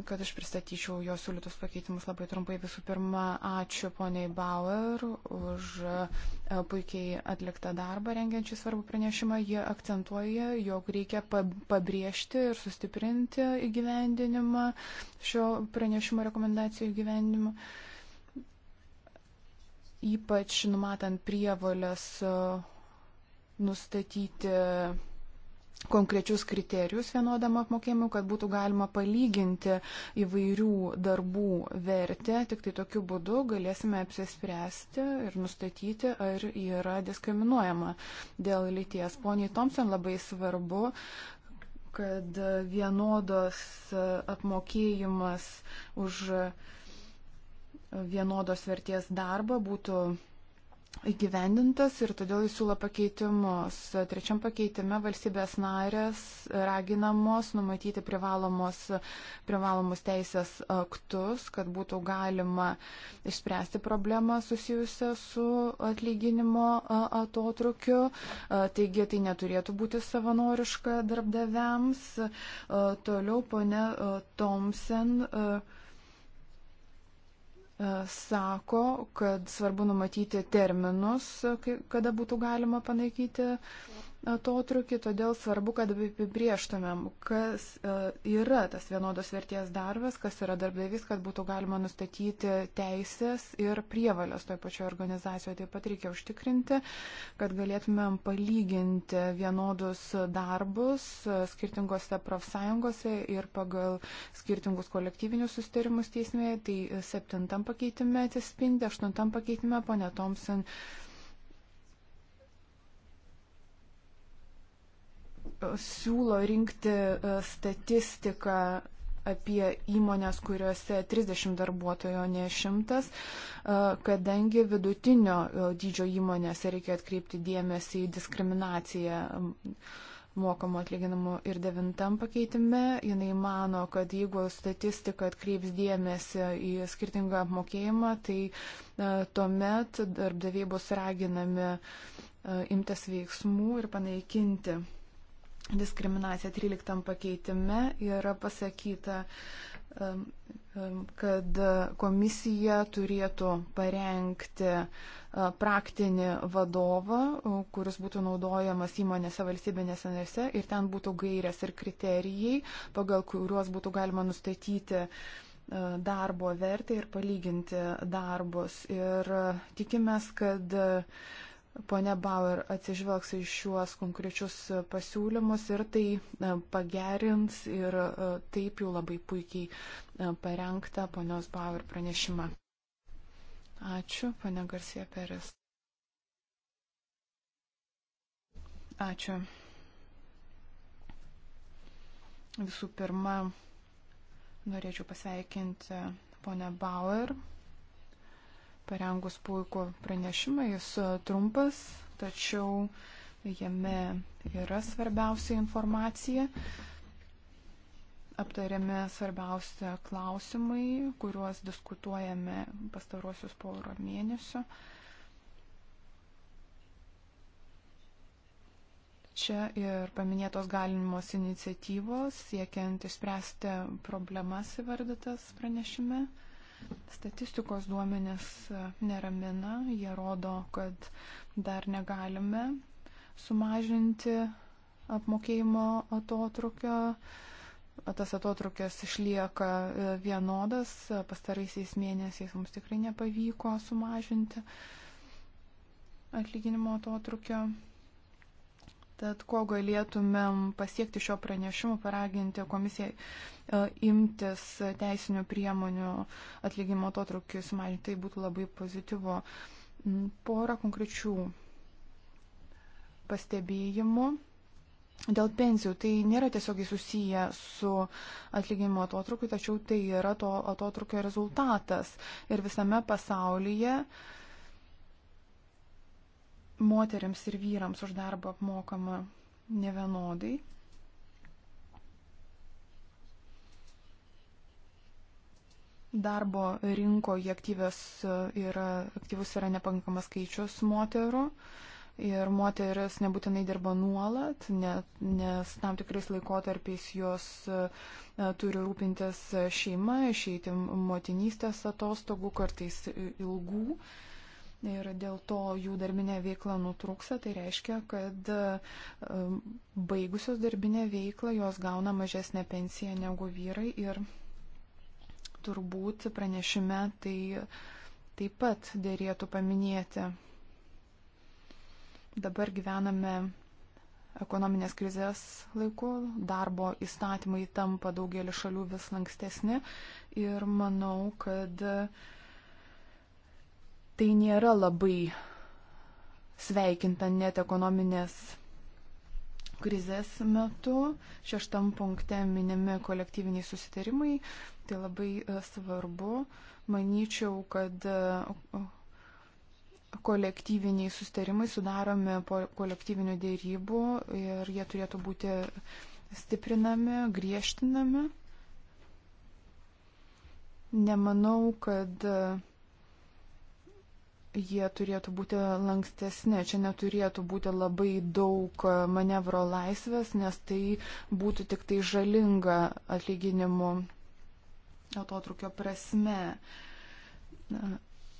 kad aš pristatyčiau jos siūlytus pakeitimus labai trumpai. Visų pirma, ačiū poniai Bauer už e, puikiai atliktą darbą rengiančią svarbų pranešimą. Jie akcentuoja, jog reikia pabrėžti ir sustiprinti įgyvendinimą šio pranešimo rekomendacijų įgyvendinimą. Ypač numatant prievalės e, nustatyti konkrečius kriterijus vienodam apmokėjimui, kad būtų galima palyginti įvairių darbų vertę. Tik tai tokiu būdu galėsime apsispręsti ir nustatyti, ar yra diskriminuojama dėl lyties. Poniai Thompson labai svarbu kad vienodos apmokėjimas už vienodos vertės darbą būtų įgyvendintas ir todėl jis siūlo pakeitimus. Trečiam pakeitime valstybės narės raginamos numatyti privalomos, privalomus teisės aktus, kad būtų galima išspręsti problemą susijusią su atlyginimo atotrukiu. Taigi tai neturėtų būti savanoriška darbdaviams. Toliau, ponė Thompson sako, kad svarbu numatyti terminus, kada būtų galima panaikyti atotrukį, todėl svarbu, kad apibrieštumėm, kas e, yra tas vienodos vertės darbas, kas yra darbdavys, kad būtų galima nustatyti teisės ir prievalės toje pačioje organizacijoje. Taip pat reikia užtikrinti, kad galėtumėm palyginti vienodus darbus e, skirtingose profsąjungose ir pagal skirtingus kolektyvinius sustarimus teismėje. Tai septintam pakeitime atsispindi, aštuntam pakeitime, ponė Thompson. Uh, siūlo rinkti e, statistiką apie įmonės, kuriuose 30 darbuotojo, ne 100, e, kadangi vidutinio e, dydžio įmonėse reikia atkreipti dėmesį į diskriminaciją mokamo atlyginimo ir devintam pakeitime. Jinai mano, kad jeigu statistika atkreips dėmesį į skirtingą apmokėjimą, tai tuomet darbdaviai bus raginami imtis veiksmų ir panaikinti diskriminaciją 13 pakeitime yra pasakyta, kad komisija turėtų parengti e, praktinį vadovą, e, kuris būtų naudojamas įmonėse valstybinėse narėse ir ten būtų gairės ir kriterijai, pagal kuriuos būtų galima nustatyti e, darbo vertę ir palyginti darbus. Ir tikimės, kad Pone Bauer atsižvelgs į šiuos konkrečius pasiūlymus ir tai e, pagerins ir e, taip jau labai puikiai e, parengtą ponios Bauer pranešimą. Ačiū, pane Garcia Peres. Ačiū. Visų pirma, norėčiau pasveikinti ponę Bauer parengus puikų pranešimą. Jis e, trumpas, tačiau jame yra svarbiausia informacija. Aptariami svarbiausia klausimai, kuriuos diskutuojame pastaruosius porą mėnesių. čia ir paminėtos galimos iniciatyvos siekiant išspręsti problemas įvardytas pranešime. Statistikos duomenės neramina, jie rodo, kad dar negalime sumažinti apmokėjimo atotrukio. Tas atotrukės išlieka e, vienodas, pastaraisiais mėnesiais mums tikrai nepavyko sumažinti atlyginimo atotrukio. Tad ko galėtumėm pasiekti šio pranešimu, paraginti komisiją e, imtis teisinių priemonių atlygimo to trukį sumažinti, tai būtų labai pozityvu. Mm, porą konkrečių pastebėjimų. Dėl pensijų tai nėra tiesiogiai susiję su atlyginimo atotrukiu, tačiau tai yra to atotrukio rezultatas. Ir visame pasaulyje uh, moteriams ir vyrams už darbą apmokama nevienodai. Darbo rinkoje aktyvus yra, aktyvus yra nepakankamas skaičius moterų ir moteris nebūtinai dirba nuolat, net, nes tam tikrais laikotarpiais jos e, turi rūpintis šeima, išeiti motinystės atostogų, kartais ilgų. Uh, ir dėl to jų darbinė veikla nutrūksa, tai reiškia, kad um, baigusios darbinę veiklą jos gauna mažesnę pensiją negu vyrai ir turbūt pranešime tai taip pat dėrėtų paminėti. Dabar gyvename ekonominės krizės laiku, darbo įstatymai tampa daugelį šalių vis lankstesni ir manau, kad uh, tai nėra labai sveikinta net ekonominės krizės metu. Šeštam punkte minimi kolektyviniai susitarimai. Tai labai e, svarbu. Manyčiau, kad e, kolektyviniai susitarimai sudaromi po kolektyvinių dėrybų ir jie turėtų būti stiprinami, griežtinami. Nemanau, kad e, jie turėtų būti lankstesni. Čia neturėtų būti labai daug manevro laisvės, nes tai būtų tik tai žalinga atlyginimų atotrukio prasme.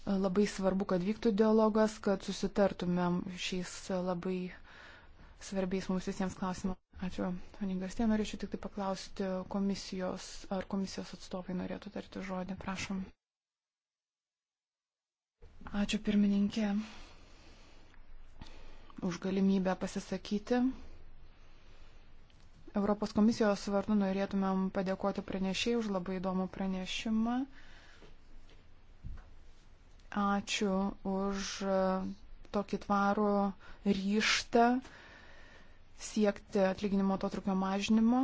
Labai svarbu, kad vyktų dialogas, kad susitartumėm šiais labai svarbiais mums visiems klausimams. Ačiū, Onigarstė. Norėčiau tik tai paklausyti komisijos, ar komisijos atstovai norėtų tarti žodį. Prašom. Ačiū pirmininkė už galimybę pasisakyti. Europos komisijos vardu norėtumėm padėkoti pranešėjai už labai įdomų pranešimą. Ačiū už tokį tvarų ryštą siekti atlyginimo to trukio mažinimo.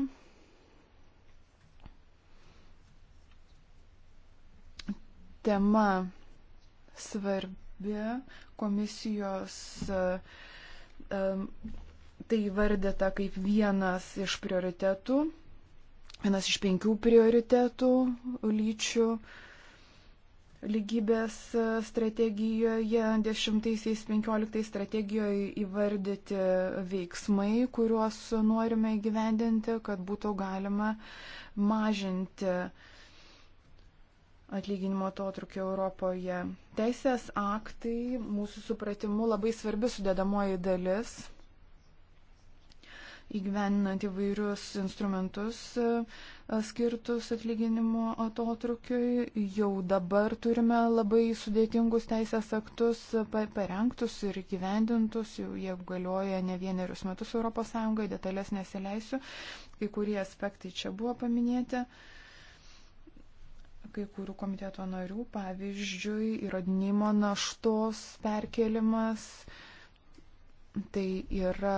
Tema svarbi komisijos. Um, tai įvardyta kaip vienas iš prioritetų, vienas iš penkių prioritetų lyčių lygybės e, strategijoje, 10-15 strategijoje įvardyti veiksmai, kuriuos norime įgyvendinti, kad būtų galima mažinti uh, atlyginimo atotrukio Europoje. Teisės aktai mūsų supratimu labai svarbi sudėdamoji dalis įgyveninant įvairius instrumentus e, skirtus atlyginimo atotrukiui. Jau dabar turime labai sudėtingus teisės aktus parengtus ir įgyvendintus, jau jie galioja ne vienerius metus ES, detalės nesileisiu, kai kurie aspektai čia buvo paminėti. Uh, kai kurių komiteto narių, pavyzdžiui, įrodinimo naštos perkelimas. Tai yra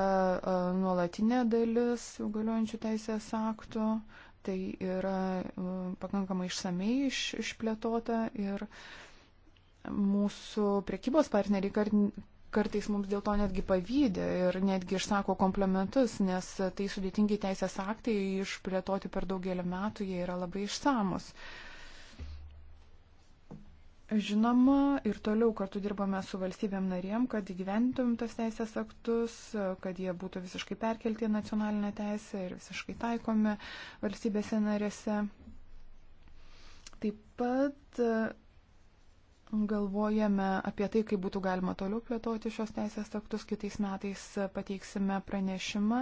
e, nuolatinė dalis jau galiojančių teisės aktų, tai yra e, pakankamai išsamei iš, išplėtota ir mūsų priekybos partneriai kart, kartais mums dėl to netgi pavydė ir netgi išsako komplementus, nes tai sudėtingi teisės aktai išplėtoti per daugelį metų, jie yra labai išsamus. Uh, Žinoma, ir toliau kartu dirbame su valstybėm narėm, kad įgyventumėm tas teisės aktus, kad jie būtų visiškai perkelti į nacionalinę teisę ir visiškai taikomi valstybėse narėse. Taip pat e, galvojame apie tai, kaip būtų galima toliau plėtoti šios teisės aktus. Kitais metais pateiksime pranešimą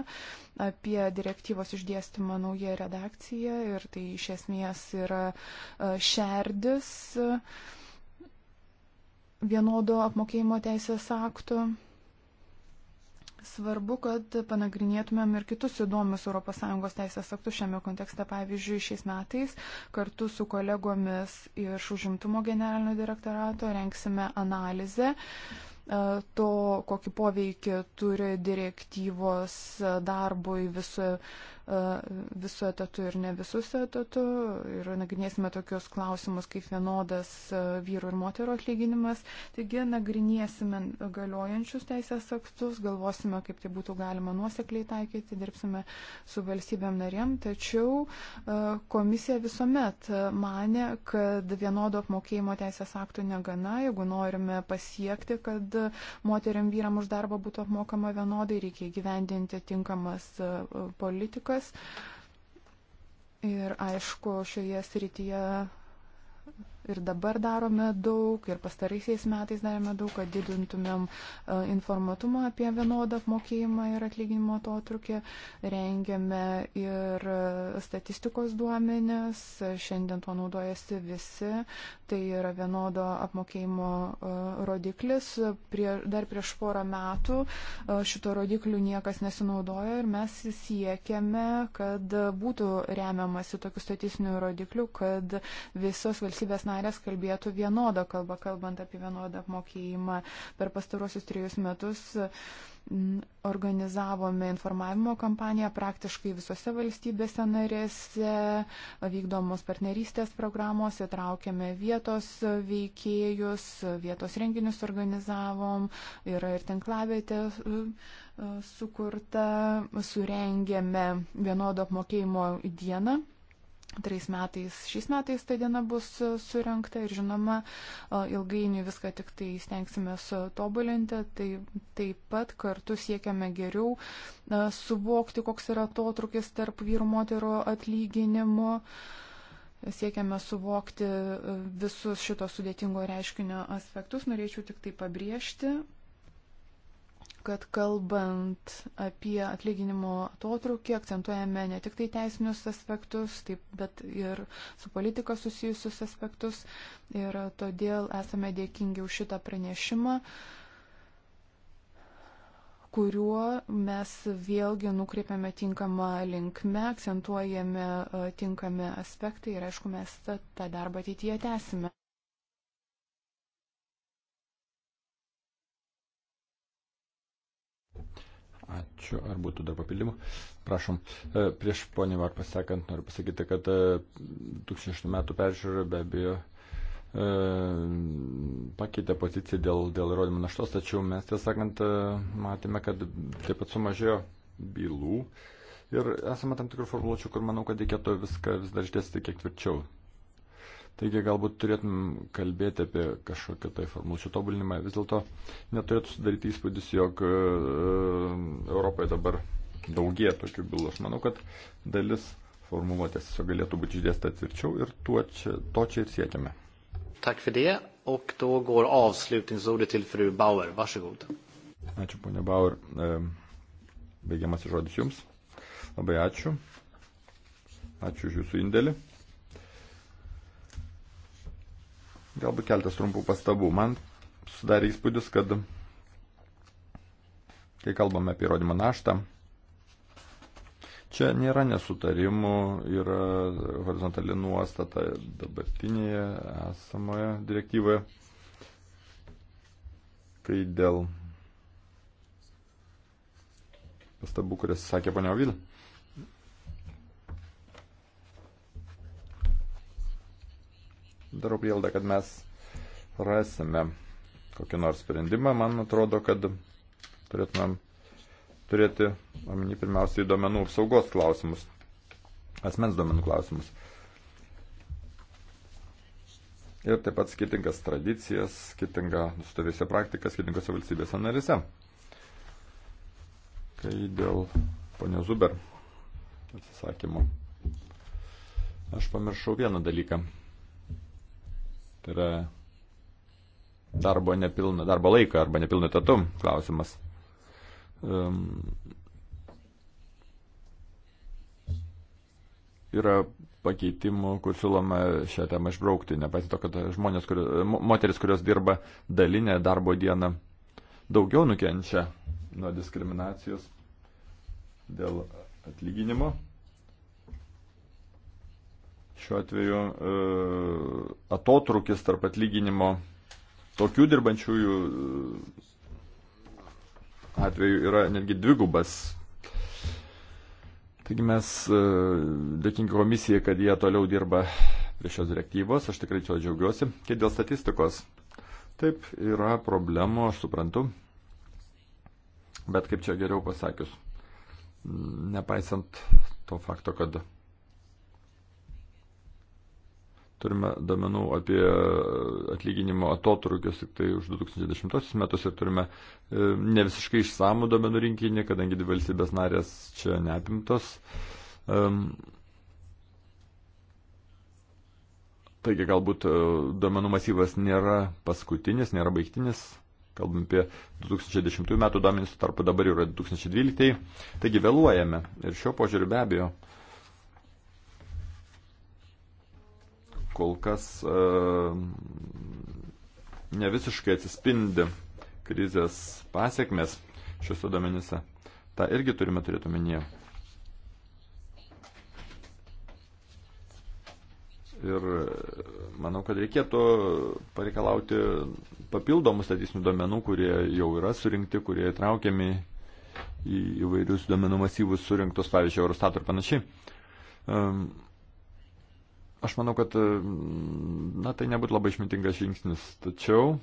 apie direktyvos išdėstymą naują redakciją ir tai iš esmės yra e, šerdis. Uh, vienodo apmokėjimo teisės akto. Svarbu, kad panagrinėtumėm ir kitus įdomius ES teisės aktus šiame kontekste. Pavyzdžiui, šiais metais kartu su kolegomis iš užimtumo generalinio direktorato renksime analizę e, to, kokį poveikį turi direktyvos darbui visoje E, visų etatų ir ne visus etatų. Ir nagrinėsime tokius klausimus kaip vienodas e, vyru ir moterų atlyginimas. Taigi nagrinėsime galiojančius teisės aktus, galvosime, kaip tai būtų galima nuosekliai taikyti, dirbsime su valstybėm narėm. Tačiau e, komisija visuomet mane, kad vienodo apmokėjimo teisės aktų negana, jeigu norime pasiekti, kad moteriam vyram už darbą būtų apmokama vienodai, reikia gyvendinti tinkamas politikas dalykas. Ir aišku, šioje srityje ir dabar darome daug, ir pastaraisiais metais darėme daug, kad didintumėm e, informatumą apie vienodą apmokėjimą ir atlyginimo atotrukį. Rengiame ir e, statistikos duomenis, šiandien tuo naudojasi visi, tai yra vienodo apmokėjimo e, rodiklis. Prie, dar prieš porą metų šito rodiklių niekas nesinaudojo ir mes siekiame, kad būtų remiamasi tokių statistinių rodiklių, kad visos valstybės narės narės kalbėtų vienodą kalbą, kalbant apie vienodą apmokėjimą. Per pastarosius trejus metus mm, organizavome informavimo kampaniją praktiškai visose valstybėse narėse, vykdomos partnerystės programos, įtraukėme vietos veikėjus, vietos renginius organizavom, yra ir tinklavietė mm, sukurta, surengėme vienodo apmokėjimo dieną Trais metais, šiais metais ta diena bus e, surinkta ir žinoma, e, ilgainiui viską tik tai stengsime tobulinti, tai taip pat kartu siekiame geriau e, suvokti, koks yra to trukis tarp vyrų moterų atlyginimo, siekiame suvokti visus šito sudėtingo reiškinio aspektus, norėčiau tik tai pabrėžti, kad kalbant apie atlyginimo atotrukį, akcentuojame ne tik tai teisinius aspektus, taip, bet ir su politika susijusius aspektus. Ir todėl esame dėkingi už šitą pranešimą, kuriuo mes vėlgi nukreipiame tinkamą linkmę, akcentuojame e, tinkami aspektai ir aišku, mes tą darbą ateityje tęsime. Ačiū. Ar būtų dar papildymų? Prašom. E, prieš ponį var pasakant, noriu pasakyti, kad 2008 e, metų peržiūra be abejo e, pakeitė poziciją dėl, dėl įrodymų naštos, tačiau mes, tiesą sakant, matėme, kad taip pat sumažėjo bylų ir esame tam tikrų formuluočių, kur manau, kad reikėtų viską vis dar išdėstyti kiek tvirčiau. Taigi galbūt turėtum kalbėti apie kažkokią tai formulučių tobulinimą. Vis dėlto neturėtų sudaryti įspūdis, jog e, Europoje dabar daugie tokių bylų. Aš manau, kad dalis formuluotės tiesiog galėtų būti išdėsta tvirčiau ir čia, to čia ir siekiame. Tak för det. Och då går avslutningsordet till fru Bauer. Varsågod. Ačiū, ponia Bauer. E, Baigiamas žodis jums. Labai ačiū. Ačiū už jūsų indėlį. Galbūt keltas trumpų pastabų. Man sudarė įspūdis, kad kai kalbame apie įrodymo naštą, čia nėra nesutarimų, yra horizontali nuostata dabartinėje esamoje direktyvoje, kai dėl pastabų, kurias sakė ponia Ovilė. darau prielaidą, kad mes rasime kokį nors sprendimą. Man atrodo, kad turėtumėm turėti omeny pirmiausiai duomenų apsaugos klausimus, asmens duomenų klausimus. Ir taip pat skirtingas tradicijas, skirtingą nustovėjusią praktiką skirtingose valstybėse narise. Kai dėl ponio Zuber atsisakymo. Aš pamiršau vieną dalyką. Tai yra darbo, nepilna, darbo laiką arba nepilno tatu klausimas. Um, yra pakeitimų, kur siūloma šią temą išbraukti, nepaisant to, kad žmonės, kur, moteris, kurios dirba dalinę darbo dieną, daugiau nukenčia nuo diskriminacijos dėl atlyginimo šiuo atveju e, atotrukis tarp atlyginimo tokių dirbančiųjų e, atveju yra netgi dvigubas. Taigi mes e, dėkingi komisijai, kad jie toliau dirba prie šios direktyvos, aš tikrai čia džiaugiuosi. Kai dėl statistikos, taip yra problemų, aš suprantu, bet kaip čia geriau pasakius, nepaisant to fakto, kad Turime domenų apie atlyginimo atotrukius tik tai už 2010 metus ir turime e, ne visiškai išsamų domenų rinkinį, kadangi dvi valstybės narės čia neapimtos. Taigi galbūt e, domenų masyvas nėra paskutinis, nėra baigtinis, kalbam apie 2010 metų duomenys, tarpu dabar yra 2012, taigi vėluojame ir šio požiūriu be abejo kol kas e, ne visiškai atsispindi krizės pasiekmes šiuose domenyse. Ta irgi turime turėti omenyje. Ir manau, kad reikėtų pareikalauti papildomų statistinių duomenų, kurie jau yra surinkti, kurie įtraukiami į įvairius duomenų masyvus surinktus, pavyzdžiui, Eurostat ir panašiai. Um, Aš manau, kad e, na, tai nebūtų labai išmintingas žingsnis, tačiau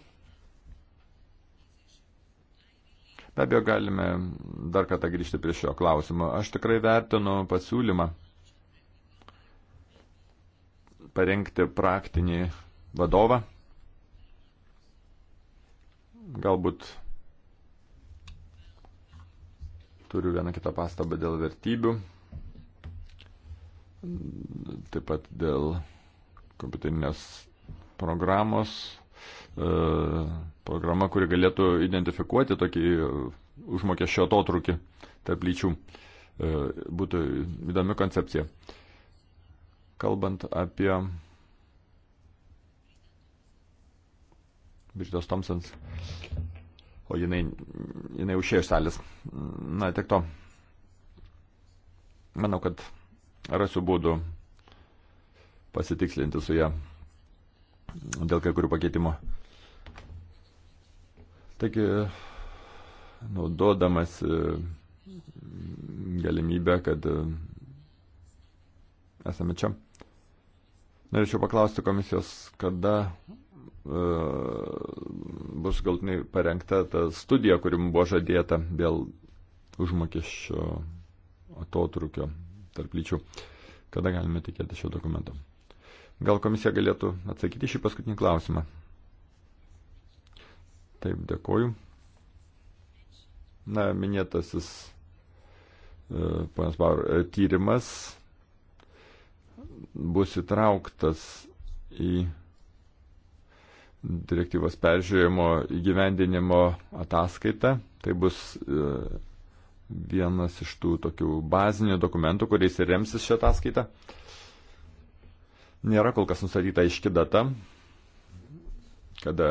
be abejo galime dar kartą grįžti prie šio klausimo. Aš tikrai vertinu pasiūlymą parengti praktinį vadovą. Galbūt turiu vieną kitą pastabą dėl vertybių taip pat dėl kompiuterinės programos, e, programa, kuri galėtų identifikuoti tokį užmokesčio atotrukį tarp lyčių, e, būtų įdomi koncepcija. Kalbant apie Birgitos Thompsons, o jinai, jinai užėjo iš salės. Na, tik to. Manau, kad rasiu būdų pasitikslinti su ją dėl kai kurių pakeitimų. Taigi, naudodamas e, galimybę, kad e, esame čia, norėčiau paklausti komisijos, kada e, bus galtinai parengta ta studija, kuri mums buvo žadėta dėl užmokesčio atotrukio tarp lyčių. Kada galime tikėti šio dokumento? Gal komisija galėtų atsakyti šį paskutinį klausimą? Taip, dėkoju. Na, minėtasis e, panas Bauer e, tyrimas bus įtrauktas į direktyvos peržiūrėjimo įgyvendinimo ataskaitą. Tai bus e, vienas iš tų tokių bazinių dokumentų, kuriais ir remsis šią ataskaitą. Nėra kol kas nustatyta aiški data, kada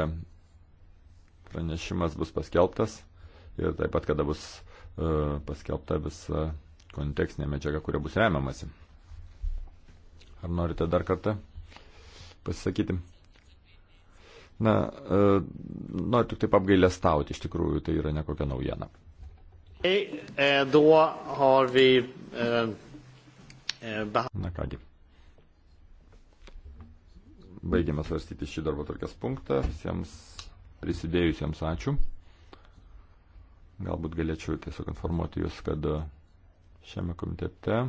pranešimas bus paskelbtas ir taip pat kada bus uh, paskelbta visa kontekstinė medžiaga, kuria bus remiamasi. Ar norite dar kartą pasisakyti? Na, uh, noriu tik taip apgailę stauti, iš tikrųjų tai yra nekokia naujiena. Eh, eh, eh, Na kągi. Baigiame svarstyti šį darbo tokias punktą. Visiems prisidėjusiems ačiū. Galbūt galėčiau tiesiog informuoti Jūs, kad šiame komitete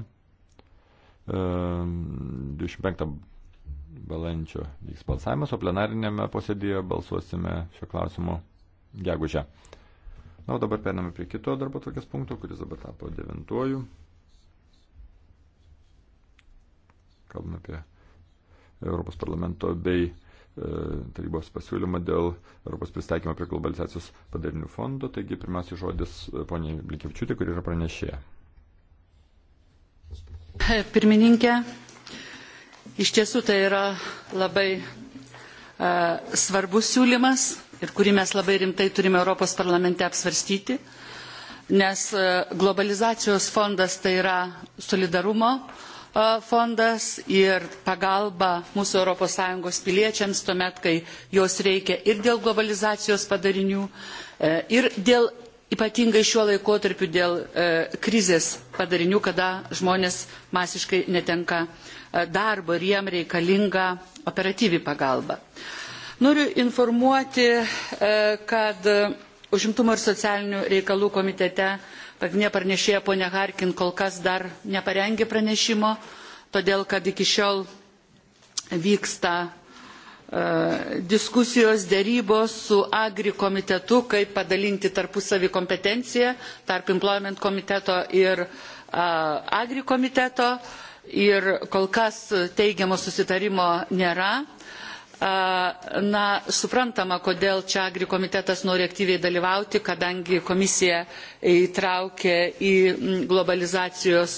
25 balandžio vyks balsavimas, o plenarinėme posėdėje balsuosime šio klausimu gegužę. Na, o dabar periname prie kito darbo tokias punkto, kuris dabar tapo devintuoju. Kalbame apie Europos parlamento bei e, tarybos pasiūlymą dėl Europos pristaikymo prie globalizacijos padarinių fondo. Taigi, pirmiausia žodis e, poniai Blikivčiūtė, kuri yra pranešėja. Pirmininkė, iš tiesų tai yra labai e, svarbus siūlymas ir kurį mes labai rimtai turime Europos parlamente apsvarstyti, nes e, globalizacijos fondas tai yra solidarumo e, fondas ir pagalba mūsų ES piliečiams tuomet, kai jos reikia ir dėl globalizacijos padarinių, e, ir dėl ypatingai šiuo laikotarpiu dėl krizės padarinių, kada žmonės masiškai netenka darbo ir jiem reikalinga operatyvi pagalba. Noriu informuoti, e, kad užimtumo ir socialinių reikalų komitete pagrindinė pranešėja ponia Harkin kol kas dar neparengė pranešimo, todėl kad iki šiol vyksta e, diskusijos dėrybos su Agri komitetu, kaip padalinti tarpusavį kompetenciją tarp employment komiteto ir e, Agri komiteto. Ir kol kas teigiamo susitarimo nėra. Na, suprantama, kodėl čia Agri komitetas nori aktyviai dalyvauti, kadangi komisija įtraukė į globalizacijos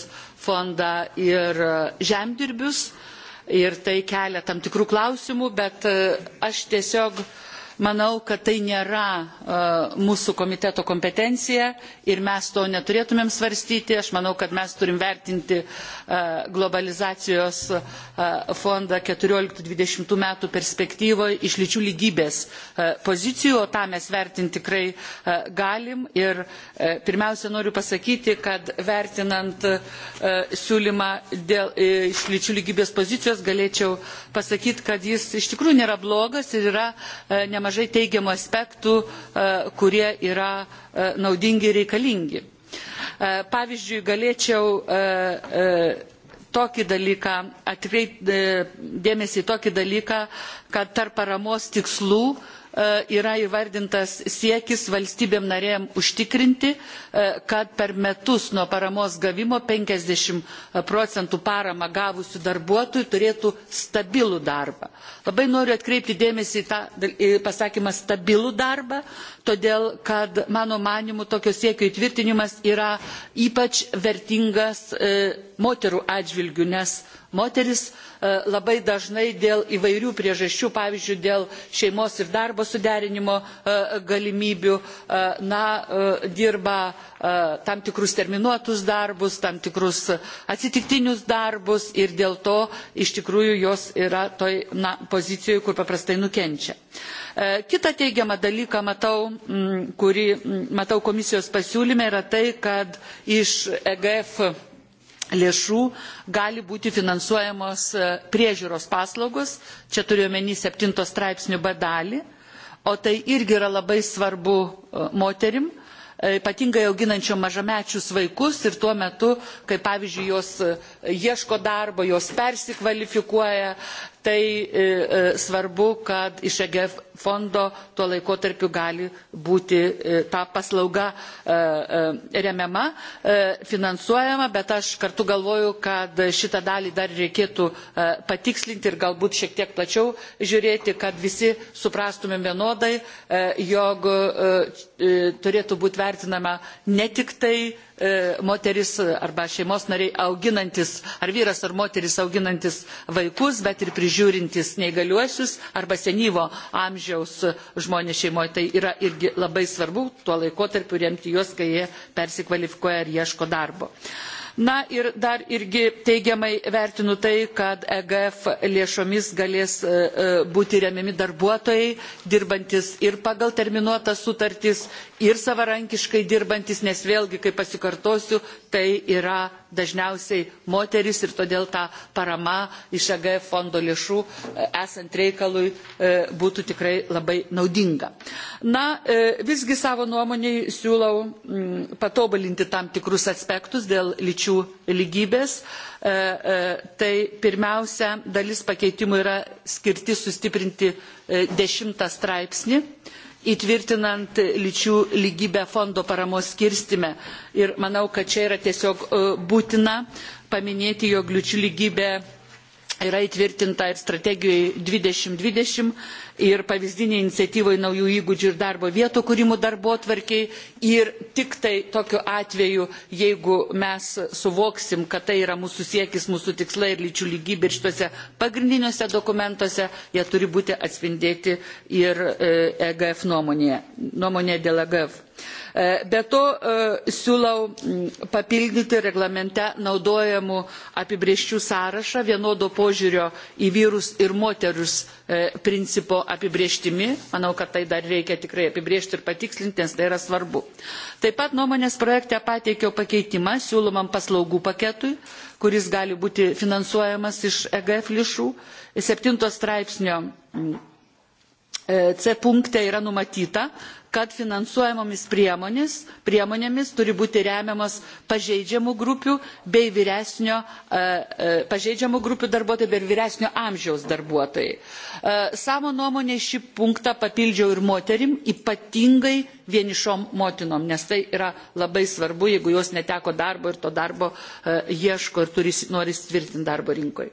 fondą ir žemdirbius ir tai kelia tam tikrų klausimų, bet aš tiesiog uh, Manau, kad tai nėra e, mūsų komiteto kompetencija ir mes to neturėtumėm svarstyti. Aš manau, kad mes turim vertinti e, globalizacijos e, fondą 14-20 metų perspektyvoje iš lyčių lygybės pozicijų, o tą mes vertinti tikrai galim. Ir pirmiausia, noriu pasakyti, kad vertinant siūlymą dėl iš lyčių lygybės pozicijos galėčiau pasakyti, kad jis iš tikrųjų nėra blogas ir yra nemažai nemažai teigiamų aspektų, e, kurie yra e, naudingi ir reikalingi. E, pavyzdžiui, galėčiau tokį dalyką, atkreipti dėmesį į tokį dalyką, kad tarp paramos tikslų E, yra įvardintas siekis valstybėm narėm užtikrinti, e, kad per metus nuo paramos gavimo 50 procentų paramą gavusių darbuotojų turėtų stabilų darbą. Labai noriu atkreipti dėmesį į tą pasakymą stabilų darbą, todėl kad mano manimu tokio siekio įtvirtinimas yra ypač vertingas e, moterų atžvilgiu nes moteris e, labai dažnai dėl įvairių priežasčių pavyzdžiui dėl šeimos ir darbo suderinimo e, galimybių na dirba tam tikrus terminuotus darbus, tam tikrus atsitiktinius darbus ir dėl to iš tikrųjų jos yra toj na, pozicijoje, kur paprastai nukenčia. E, Kita teigiama dalyka, matau, kurį matau komisijos pasiūlyme, yra tai, kad iš EGF lėšų gali būti finansuojamos e, priežiūros paslaugos, čia turiuomenį 7 straipsnių B dalį, o tai irgi yra labai svarbu e, moterim, E, ypatingai auginančiom mažamečius vaikus ir tuo metu, kai pavyzdžiui jos e, ieško darbo, jos persikvalifikuoja, tai e, e, svarbu kad iš egf fondo tuo laikotarpiu gali būti e, ta paslauga remiama finansuojama bet aš kartu galvoju kad šitą dalį dar reikėtų patikslinti ir galbūt šiek tiek plačiau žiūrėti kad visi suprastumėm vienodai jog turėtų būti vertinama ne tik tai E, moteris arba šeimos nariai auginantis, ar vyras ar moteris auginantis vaikus, bet ir prižiūrintis neįgaliuosius arba senyvo amžiaus žmonės šeimoje. Tai yra irgi labai svarbu tuo laikotarpiu remti juos, kai jie persikvalifikuoja ir ieško darbo. E, na ir dar irgi teigiamai vertinu tai kad egf lėšomis galės e, e, būti remiami darbuotojai dirbantys ir pagal terminuotas sutartis ir savarankiškai dirbantys nes vėlgi kaip pasikartosiu tai yra dažniausiai moteris ir todėl ta parama iš EGF fondo lėšų e, esant reikalui e, būtų tikrai labai naudinga. Na, e, visgi savo nuomonėj siūlau mm, patobulinti tam tikrus aspektus dėl lyčių lygybės. Tai pirmiausia, dalis pakeitimų yra skirti sustiprinti dešimtą straipsnį įtvirtinant lyčių lygybę fondo paramos skirstime. Ir manau, kad čia yra tiesiog e, būtina paminėti, jog lyčių lygybė yra įtvirtinta ir strategijoje 2020 ir pavyzdinė iniciatyvoje naujų įgūdžių ir darbo vietų kūrimų darbo atvarkiai. Ir tik tai tokiu atveju, jeigu mes suvoksim, kad tai yra mūsų siekis, mūsų tikslai ir lyčių lygybė ir šituose pagrindiniuose dokumentuose, jie turi būti atspindėti ir EGF e nuomonėje, nuomonėje dėl EGF. E, be to e, siūlau papildyti reglamente naudojamų apibrieščių sąrašą vienodo požiūrio į vyrus ir moterius e, principo apibrieštimi. Manau, kad tai dar reikia tikrai apibriežti ir patikslinti, nes tai yra svarbu. Taip pat nuomonės projekte pateikiau pakeitimą siūlomam paslaugų paketui, kuris gali būti finansuojamas iš EGF lišų. Septinto straipsnio C punkte yra numatyta, kad finansuojamomis priemonėmis turi būti remiamas pažeidžiamų grupių, bei vyresnio, e, e, pažeidžiamų grupių darbuotojai bei vyresnio amžiaus darbuotojai. E, savo nuomonę šį punktą papildžiau ir moterim, ypatingai vienišom motinom, nes tai yra labai svarbu, jeigu jos neteko darbo ir to darbo ieško ir turi, nori tvirtinti darbo rinkoje.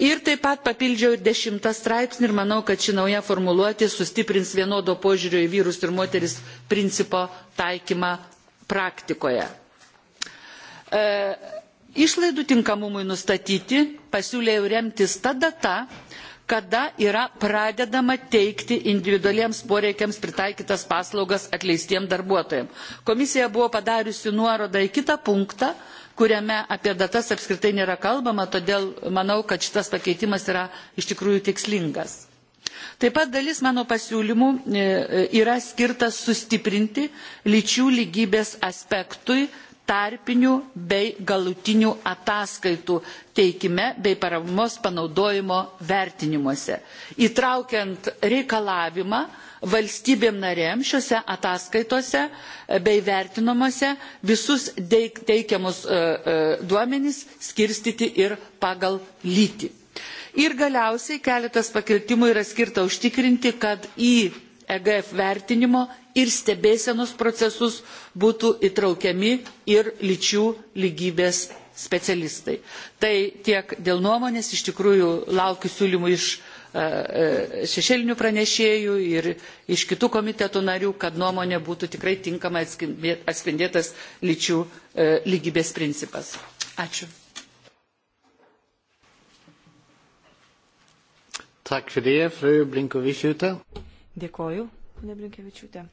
Ir taip pat papildžiau ir dešimtą straipsnį ir manau, kad ši nauja formuluotė sustiprins vienodo požiūrio į vyrus ir moteris moteris principo taikymą praktikoje. E, išlaidų tinkamumui nustatyti pasiūlėjau remtis ta data, kada yra pradedama teikti individualiems poreikiams pritaikytas paslaugas atleistiems darbuotojams. Komisija buvo padariusi nuorodą į kitą punktą, kuriame apie datas apskritai nėra kalbama, todėl manau, kad šitas pakeitimas yra iš tikrųjų tikslingas. Taip pat dalis mano pasiūlymų e, e, yra skirtas sustiprinti lyčių lygybės aspektui tarpinių bei galutinių ataskaitų teikime bei paramos panaudojimo vertinimuose, įtraukiant reikalavimą valstybėm narėm šiuose ataskaitose e, bei vertinamuose visus teikiamus duomenys skirstyti ir pagal lytį. Ir galiausiai keletas pakeitimų yra skirta užtikrinti, kad į EGF vertinimo ir stebėsenos procesus būtų įtraukiami ir lyčių lygybės specialistai. Tai tiek dėl nuomonės, iš tikrųjų laukiu siūlymų iš e, e, šešėlinių pranešėjų ir iš kitų komitetų narių, kad nuomonė būtų tikrai tinkamai atspindėtas lyčių e, lygybės principas. Ačiū. Tak för det, fru Blinkovičiūtė. Dėkoju, ponė Blinkevičiūtė.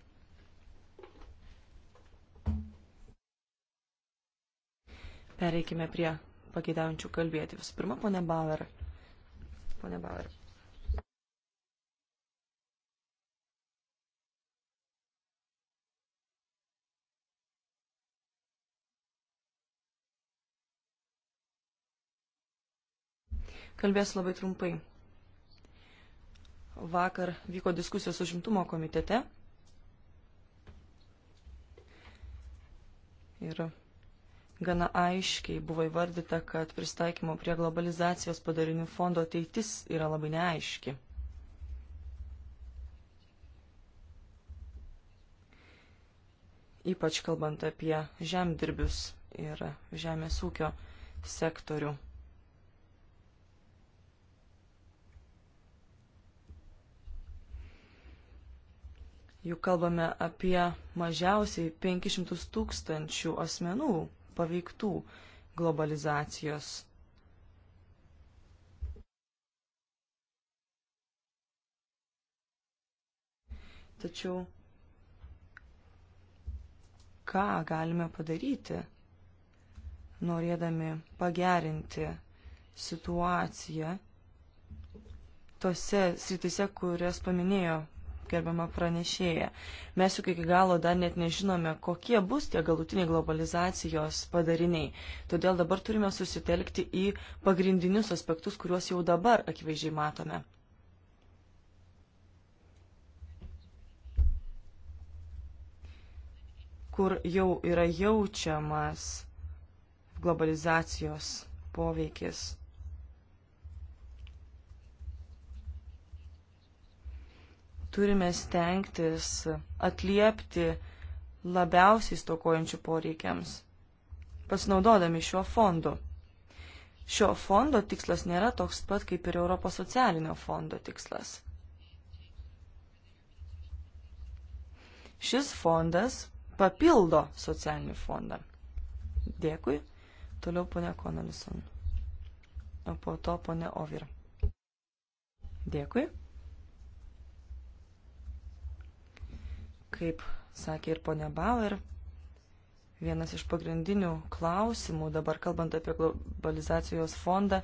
Pereikime prie pageidaujančių kalbėti. Visų pirma, ponė Bauer. Ponė Bauer. Kalbės labai trumpai. Vakar vyko diskusijos užimtumo komitete. Ir gana aiškiai buvo įvardyta, kad pristaikymo prie globalizacijos padarinių fondo ateitis yra labai neaiški. Ypač kalbant apie žemdirbius ir žemės ūkio sektorių. juk kalbame apie mažiausiai 500 tūkstančių asmenų paveiktų globalizacijos. Tačiau ką galime padaryti, norėdami pagerinti situaciją tose sritise, kurias paminėjo gerbiama pranešėja. Mes juk iki galo dar net nežinome, kokie bus tie galutiniai globalizacijos padariniai. Todėl dabar turime susitelkti į pagrindinius aspektus, kuriuos jau dabar akivaizdžiai matome. kur jau yra jaučiamas globalizacijos poveikis. turime stengtis atliepti labiausiai stokojančių poreikiams, pasinaudodami šiuo fondu. Šio fondo tikslas nėra toks pat kaip ir Europos socialinio fondo tikslas. Šis fondas papildo socialinį fondą. Dėkui. Toliau ponia Konalison. O po to ponia Ovir. Dėkui. Kaip sakė ir ponia Bauer, vienas iš pagrindinių klausimų dabar kalbant apie globalizacijos fondą,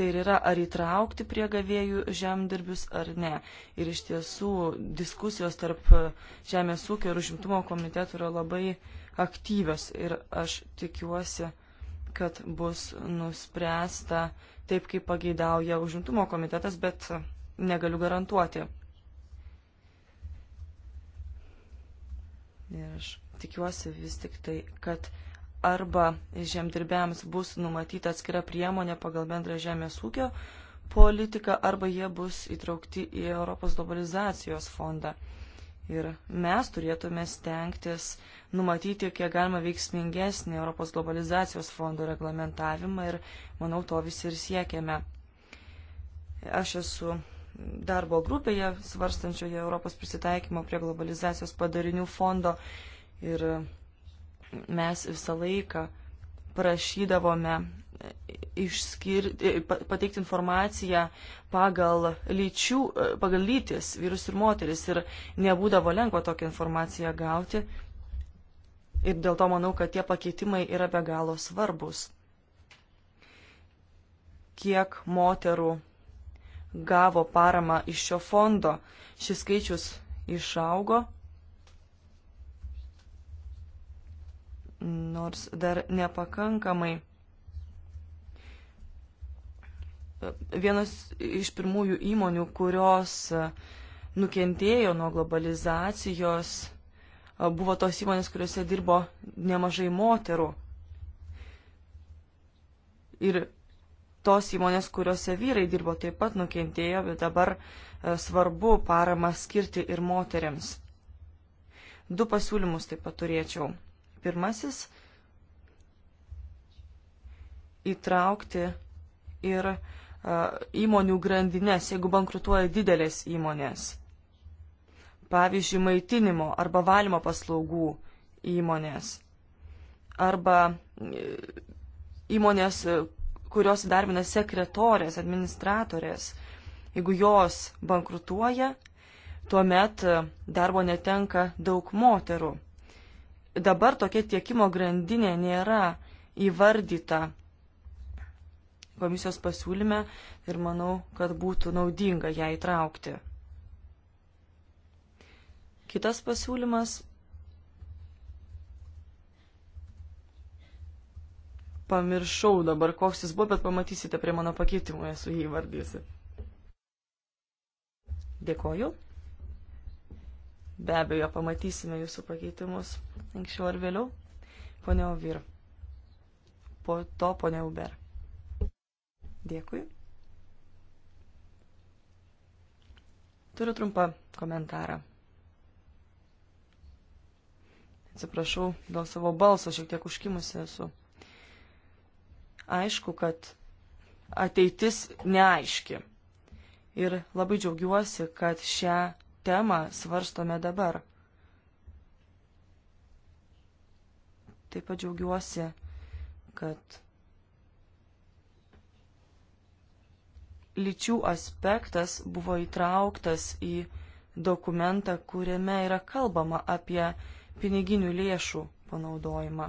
tai ir yra ar įtraukti prie gavėjų žemdirbius ar ne. Ir iš tiesų diskusijos tarp Žemės ūkio ir užimtumo komitetų yra labai aktyvios ir aš tikiuosi, kad bus nuspręsta taip, kaip pageidauja užimtumo komitetas, bet negaliu garantuoti. Ir aš tikiuosi vis tik tai, kad arba žemdirbėjams bus numatyta atskira priemonė pagal bendrą žemės ūkio politiką, arba jie bus įtraukti į Europos globalizacijos fondą. Ir mes turėtume stengtis numatyti, kiek galima veiksmingesnį Europos globalizacijos fondo reglamentavimą ir manau to visi ir siekiame. Aš esu darbo grupėje svarstančioje Europos prisitaikymo prie globalizacijos padarinių fondo ir mes visą laiką prašydavome išskirti, pateikti informaciją pagal lyčių, pagal lytis, vyrus ir moteris. Ir nebūdavo lengva tokią informaciją gauti. Ir dėl to manau, kad tie pakeitimai yra be galo svarbus. Kiek moterų gavo paramą iš šio fondo. Šis skaičius išaugo, nors dar nepakankamai. Vienas iš pirmųjų įmonių, kurios nukentėjo nuo globalizacijos, buvo tos įmonės, kuriuose dirbo nemažai moterų. Ir tos įmonės, kuriuose vyrai dirbo, taip pat nukentėjo, bet dabar e, svarbu paramą skirti ir moteriams. Du pasiūlymus taip pat turėčiau. Pirmasis - įtraukti ir a, e, įmonių grandinės, jeigu bankrutuoja didelės įmonės. Pavyzdžiui, maitinimo arba valymo paslaugų įmonės. Arba e, įmonės, kurios įdarbina sekretorės, administratorės. Jeigu jos bankrutuoja, tuomet e, darbo netenka daug moterų. Dabar tokia tiekimo grandinė nėra įvardyta komisijos pasiūlyme ir manau, kad būtų naudinga ją įtraukti. Kitas pasiūlymas pamiršau dabar, koks jis buvo, bet pamatysite prie mano pakeitimų, esu jį vardysi. Dėkoju. Be abejo, pamatysime jūsų pakeitimus anksčiau ar vėliau. Pone Ovir. Po to pone Uber. Dėkui. Turiu trumpą komentarą. Atsiprašau, dėl savo balso šiek tiek užkimusi esu. Aišku, kad ateitis neaiški. Ir labai džiaugiuosi, kad šią temą svarstome dabar. Taip pat džiaugiuosi, kad lyčių aspektas buvo įtrauktas į dokumentą, kuriame yra kalbama apie piniginių lėšų panaudojimą.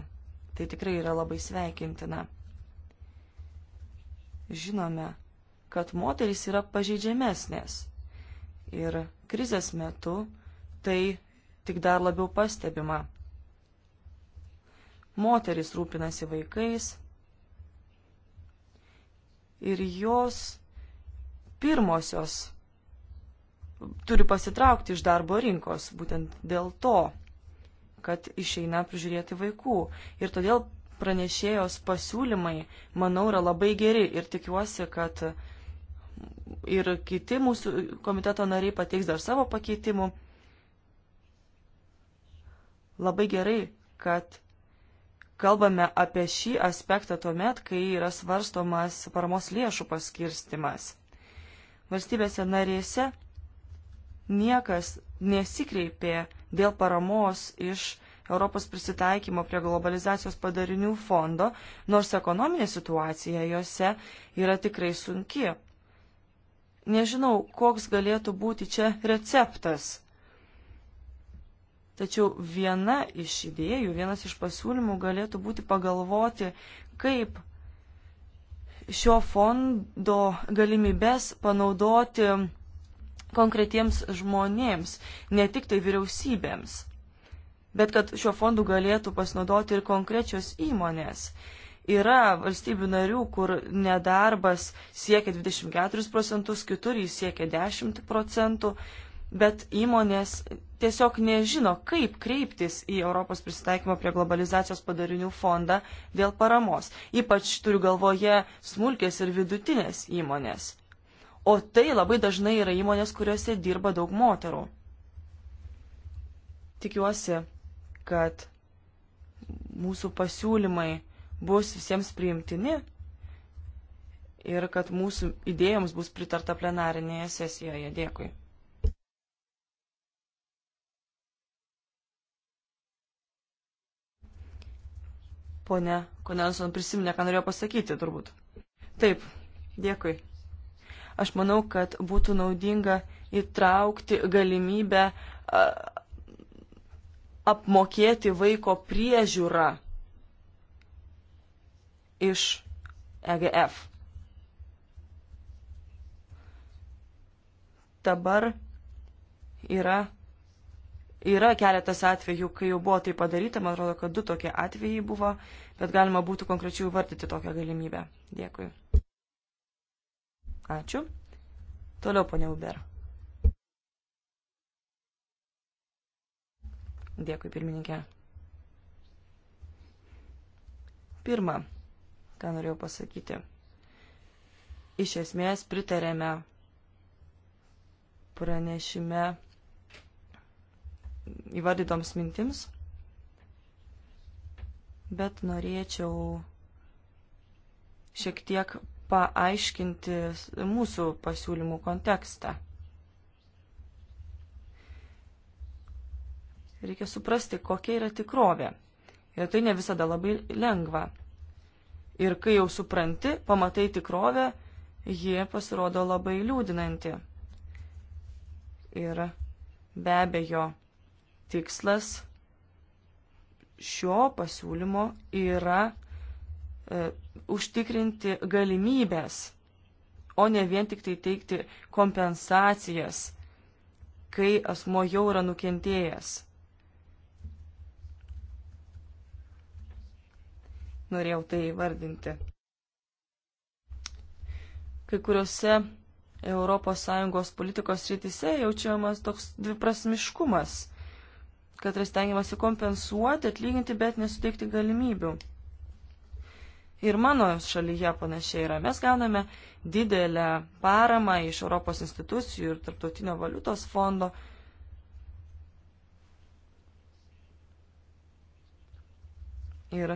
Tai tikrai yra labai sveikintina žinome, kad moteris yra pažeidžiamesnės. Ir krizės metu tai tik dar labiau pastebima. Moteris rūpinasi vaikais ir jos pirmosios turi pasitraukti iš darbo rinkos būtent dėl to, kad išeina prižiūrėti vaikų. Ir todėl pranešėjos pasiūlymai, manau, yra labai geri ir tikiuosi, kad ir kiti mūsų komiteto nariai pateiks dar savo pakeitimų. Labai gerai, kad kalbame apie šį aspektą tuo met, kai yra svarstomas paramos lėšų paskirstimas. Valstybėse narėse niekas nesikreipė dėl paramos iš Europos prisitaikymo prie globalizacijos padarinių fondo, nors ekonominė situacija juose yra tikrai sunki. Nežinau, koks galėtų būti čia receptas. Tačiau viena iš idėjų, vienas iš pasiūlymų galėtų būti pagalvoti, kaip šio fondo galimybės panaudoti konkretiems žmonėms, ne tik tai vyriausybėms bet kad šio fondu galėtų pasinaudoti ir konkrečios įmonės. Yra valstybių narių, kur nedarbas siekia 24 procentus, kitur jis siekia 10 procentų, bet įmonės tiesiog nežino, kaip kreiptis į Europos prisitaikymo prie globalizacijos padarinių fondą dėl paramos. Ypač turiu galvoje smulkės ir vidutinės įmonės. O tai labai dažnai yra įmonės, kuriuose dirba daug moterų. Tikiuosi, kad mūsų pasiūlymai bus visiems priimtini ir kad mūsų idėjoms bus pritarta plenarinėje sesijoje. Dėkui. Pone Konenson prisiminė, ką norėjo pasakyti, turbūt. Taip, dėkui. Aš manau, kad būtų naudinga įtraukti galimybę apmokėti vaiko priežiūrą iš EGF. Dabar yra, yra keletas atvejų, kai jau buvo tai padaryta, man atrodo, kad du tokie atvejai buvo, bet galima būtų konkrečiai įvardyti tokią galimybę. Dėkui. Ačiū. Toliau, ponia Uber. Dėkui, pirmininkė. Pirma, ką norėjau pasakyti. Iš esmės pritarėme pranešime įvardytoms mintims, bet norėčiau šiek tiek paaiškinti mūsų pasiūlymų kontekstą. Reikia suprasti, kokia yra tikrovė. Ir tai ne visada labai lengva. Ir kai jau supranti, pamatai tikrovę, jie pasirodo labai liūdinanti. Ir be abejo, tikslas šio pasiūlymo yra e, užtikrinti galimybės, o ne vien tik tai teikti kompensacijas, kai asmo jau yra nukentėjęs. norėjau tai vardinti. Kai kuriuose ES politikos rytise jaučiamas toks dviprasmiškumas, kad yra stengiamasi kompensuoti, atlyginti, bet nesuteikti galimybių. Ir mano šalyje panašiai yra. Mes gauname didelę paramą iš Europos institucijų ir Tarptautinio valiutos fondo, Ir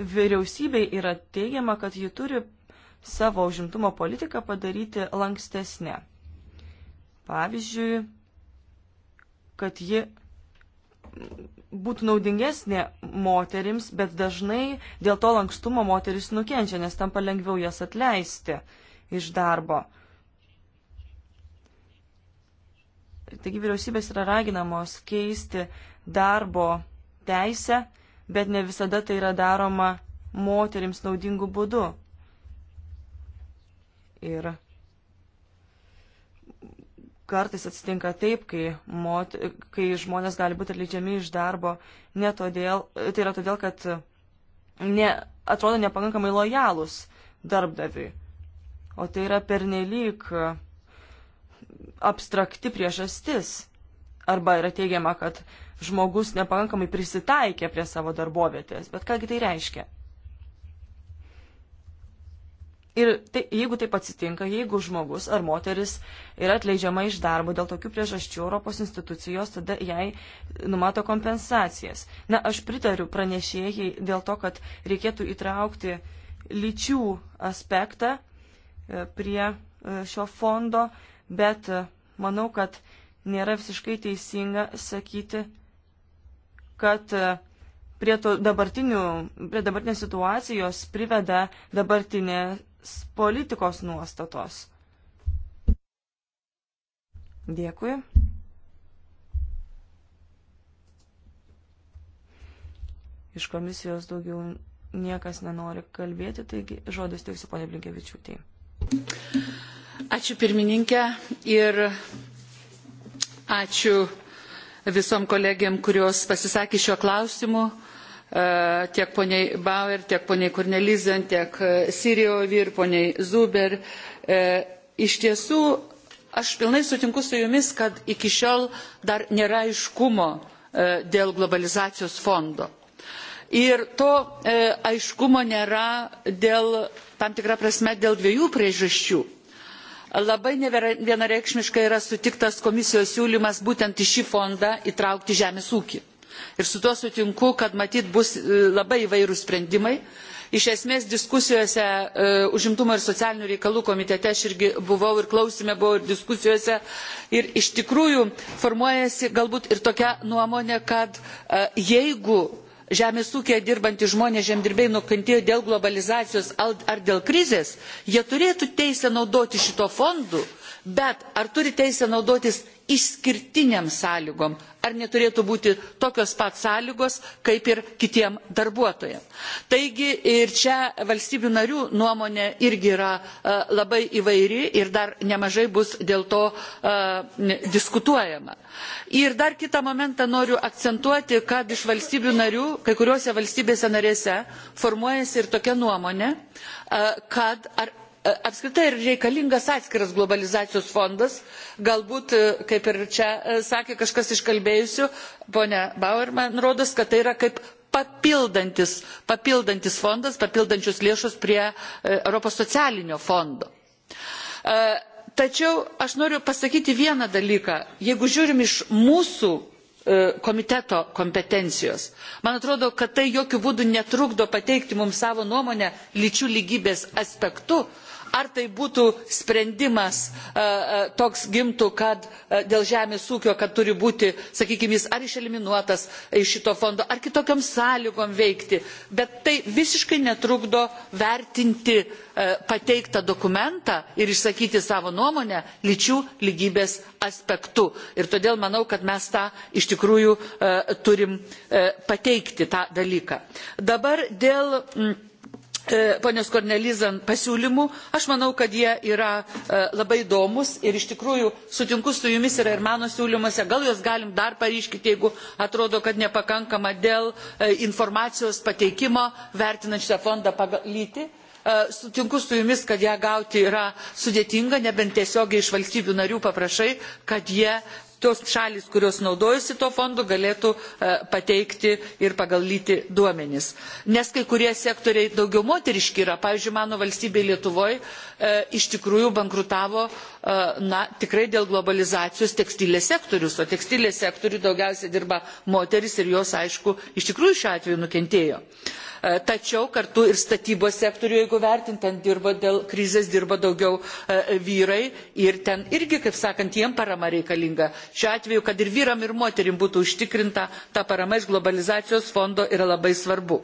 vyriausybei yra teigiama, kad ji turi savo užimtumo politiką padaryti lankstesnę. Pavyzdžiui, kad ji būtų naudingesnė moterims, bet dažnai dėl to lankstumo moteris nukenčia, nes tampa lengviau jas atleisti iš darbo. Taigi vyriausybės yra raginamos keisti darbo teisę bet ne visada tai yra daroma moterims naudingu būdu. Ir kartais atsitinka taip, kai, mot, kai žmonės gali būti atleidžiami iš darbo, ne todėl, tai yra todėl, kad ne, atrodo nepakankamai lojalūs darbdaviui. O tai yra pernelyg abstrakti priežastis. Arba yra teigiama, kad žmogus nepakankamai prisitaikė prie savo darbovietės. Bet kągi tai reiškia? Ir tai, jeigu taip atsitinka, jeigu žmogus ar moteris yra atleidžiama iš darbo dėl tokių priežasčių, Europos institucijos tada jai numato kompensacijas. Na, aš pritariu pranešėjai dėl to, kad reikėtų įtraukti lyčių aspektą e, prie e, šio fondo, bet e, manau, kad nėra visiškai teisinga sakyti, kad e, prie, to, prie dabartinės situacijos priveda dabartinės politikos nuostatos. Dėkui. Iš komisijos daugiau niekas nenori kalbėti, taigi žodis teiksiu ponė Blinkevičiūtė. Ačiū pirmininkė ir ačiū visom kolegijom, kurios pasisakė šiuo klausimu, e, tiek poniai Bauer, tiek poniai Kornelizen, tiek e, Sirijovi ir poniai Zuber. E, iš tiesų, aš pilnai sutinku su jumis, kad iki šiol dar nėra aiškumo dėl globalizacijos fondo. Ir to e, aiškumo nėra dėl, tam tikrą prasme, dėl dviejų priežasčių labai nevienareikšmiškai yra sutiktas komisijos siūlymas būtent į šį fondą įtraukti žemės ūkį. Ir su tuo sutinku, kad matyt bus e, labai įvairūs sprendimai. Iš esmės diskusijose e, užimtumo ir socialinių reikalų komitete aš irgi buvau ir klausime buvau ir diskusijose ir iš tikrųjų formuojasi galbūt ir tokia nuomonė, kad e, jeigu žemės ūkėje dirbantys žmonės žemdirbiai nukentėjo dėl globalizacijos ar dėl krizės, jie turėtų teisę naudoti šito fondu, bet ar turi teisę naudotis išskirtiniam sąlygom, ar neturėtų būti tokios pat sąlygos, kaip ir kitiem darbuotojam. Taigi ir čia valstybių narių nuomonė irgi yra e, labai įvairi ir dar nemažai bus dėl to e, diskutuojama. Ir dar kitą momentą noriu akcentuoti, kad iš valstybių narių, kai kuriuose valstybėse narėse formuojasi ir tokia nuomonė, e, kad ar E, apskritai ir reikalingas atskiras globalizacijos fondas galbūt e, kaip ir čia e, sakė kažkas iš kalbėjusių ponia bauer man rodos kad tai yra kaip papildantis papildantis fondas papildančios lėšos prie europos socialinio fondo. tačiau aš noriu pasakyti vieną dalyką jeigu žiūrim iš mūsų komiteto kompetencijos. Man atrodo, kad tai jokių būdų netrukdo pateikti mums savo nuomonę lyčių lygybės aspektu, ar tai būtų sprendimas e, e, toks gimtų kad e, dėl žemės ūkio kad turi būti sakykime jis ar išeliminuotas iš šito fondo ar kitokiom sąlygom veikti bet tai visiškai netrukdo vertinti pateiktą dokumentą ir išsakyti savo nuomonę lyčių lygybės aspektu ir todėl manau kad mes tą iš tikrųjų turim pateikti tą dalyką. dabar dėl mm, E, ponios Kornelizan pasiūlymų. Aš manau, kad jie yra e, labai įdomus ir iš tikrųjų sutinku su jumis yra ir mano siūlymuose. Gal juos galim dar paryškinti, jeigu atrodo, kad nepakankama dėl e, informacijos pateikimo vertinant šią fondą pagal lytį sutinku su jumis kad ją gauti yra sudėtinga nebent tiesiogiai iš valstybių narių paprašai kad jie tos šalis, kurios naudojasi to fondu, galėtų e, pateikti ir pagal lyti duomenis. Nes kai kurie sektoriai daugiau moteriški yra. Pavyzdžiui, mano valstybė Lietuvoje iš tikrųjų bankrutavo e, na, tikrai dėl globalizacijos tekstilės sektorius, o tekstilės sektorių daugiausia dirba moteris ir jos, aišku, iš tikrųjų šiuo atveju nukentėjo. Uh, E, tačiau kartu ir statybos sektoriuje, jeigu vertint, ten dirba dėl krizės, dirba daugiau e, vyrai ir ten irgi, kaip sakant, jiem parama reikalinga. Šiuo atveju, kad ir vyram, ir moterim būtų užtikrinta ta parama iš globalizacijos fondo yra labai svarbu.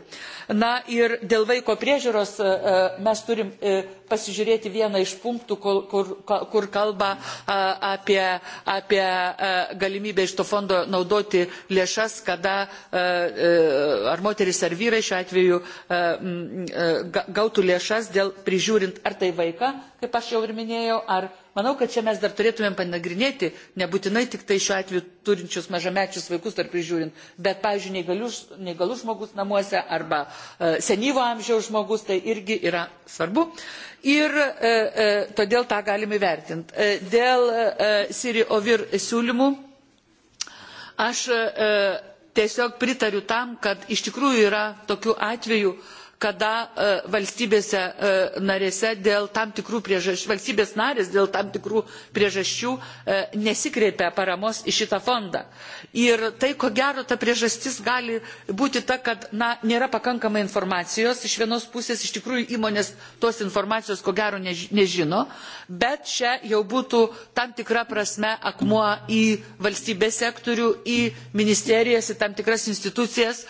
Na ir dėl vaiko priežiūros e, mes turim pasižiūrėti vieną iš punktų, kur, kur, kur kalba apie, apie galimybę iš to fondo naudoti lėšas, kada ar moteris ar vyrai šiuo atveju atveju e, e, gautų lėšas dėl prižiūrint ar tai vaiką, kaip aš jau ir minėjau, ar Manau, kad čia mes dar turėtumėm panagrinėti, nebūtinai tik tai šiuo atveju turinčius mažamečius vaikus dar prižiūrint, bet, pavyzdžiui, neįgalius, neįgalius žmogus namuose arba e, senyvo amžiaus žmogus, tai irgi yra svarbu. Ir e, e, todėl tą galime įvertinti. E, dėl e, e, Siri Ovir siūlymų aš. E, tiesiog pritariu tam kad iš tikrųjų yra tokių atvejų kada e, valstybėse e, narėse dėl tam tikrų priežasčių, valstybės narės dėl tam tikrų priežasčių e, nesikreipia paramos į šitą fondą. Ir tai, ko gero, ta priežastis gali būti ta, kad na, nėra pakankamai informacijos. Iš vienos pusės iš tikrųjų įmonės tos informacijos, ko gero, nežino, bet čia jau būtų tam tikra prasme akmuo į valstybės sektorių, į ministerijas, į tam tikras institucijas,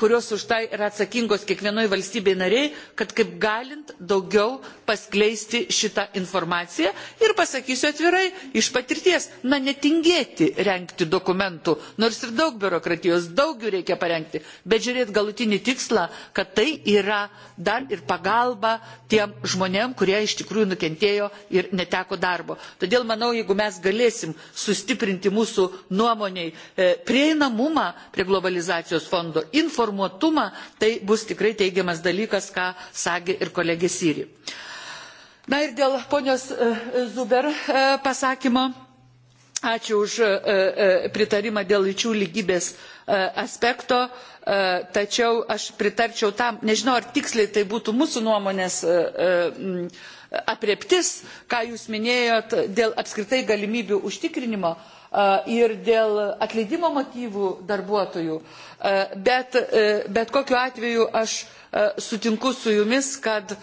kurios už tai yra atsakingos kiekvienoje pačiai valstybei nariai, kad kaip galint daugiau paskleisti šitą informaciją ir pasakysiu atvirai iš patirties, na netingėti renkti dokumentų, nors ir daug biurokratijos, daug jų reikia parengti, bet žiūrėti galutinį tikslą, kad tai yra dar ir pagalba tiem žmonėm, kurie iš tikrųjų nukentėjo ir neteko darbo. Todėl manau, jeigu mes galėsim sustiprinti mūsų nuomoniai e, prieinamumą prie globalizacijos fondo, informuotumą, tai bus tikrai teigiamas teigiamas dalykas, ką sakė ir kolegė Syri. Na ir dėl ponios e, e, Zuber e, pasakymo. Ačiū už pritarimą dėl lyčių lygybės aspekto, tačiau aš pritarčiau tam, nežinau ar tiksliai tai būtų mūsų nuomonės apreptis, ką jūs minėjot dėl apskritai galimybių užtikrinimo ir dėl atleidimo motyvų darbuotojų, bet, bet kokiu atveju aš E, sutinku su jumis, kad e,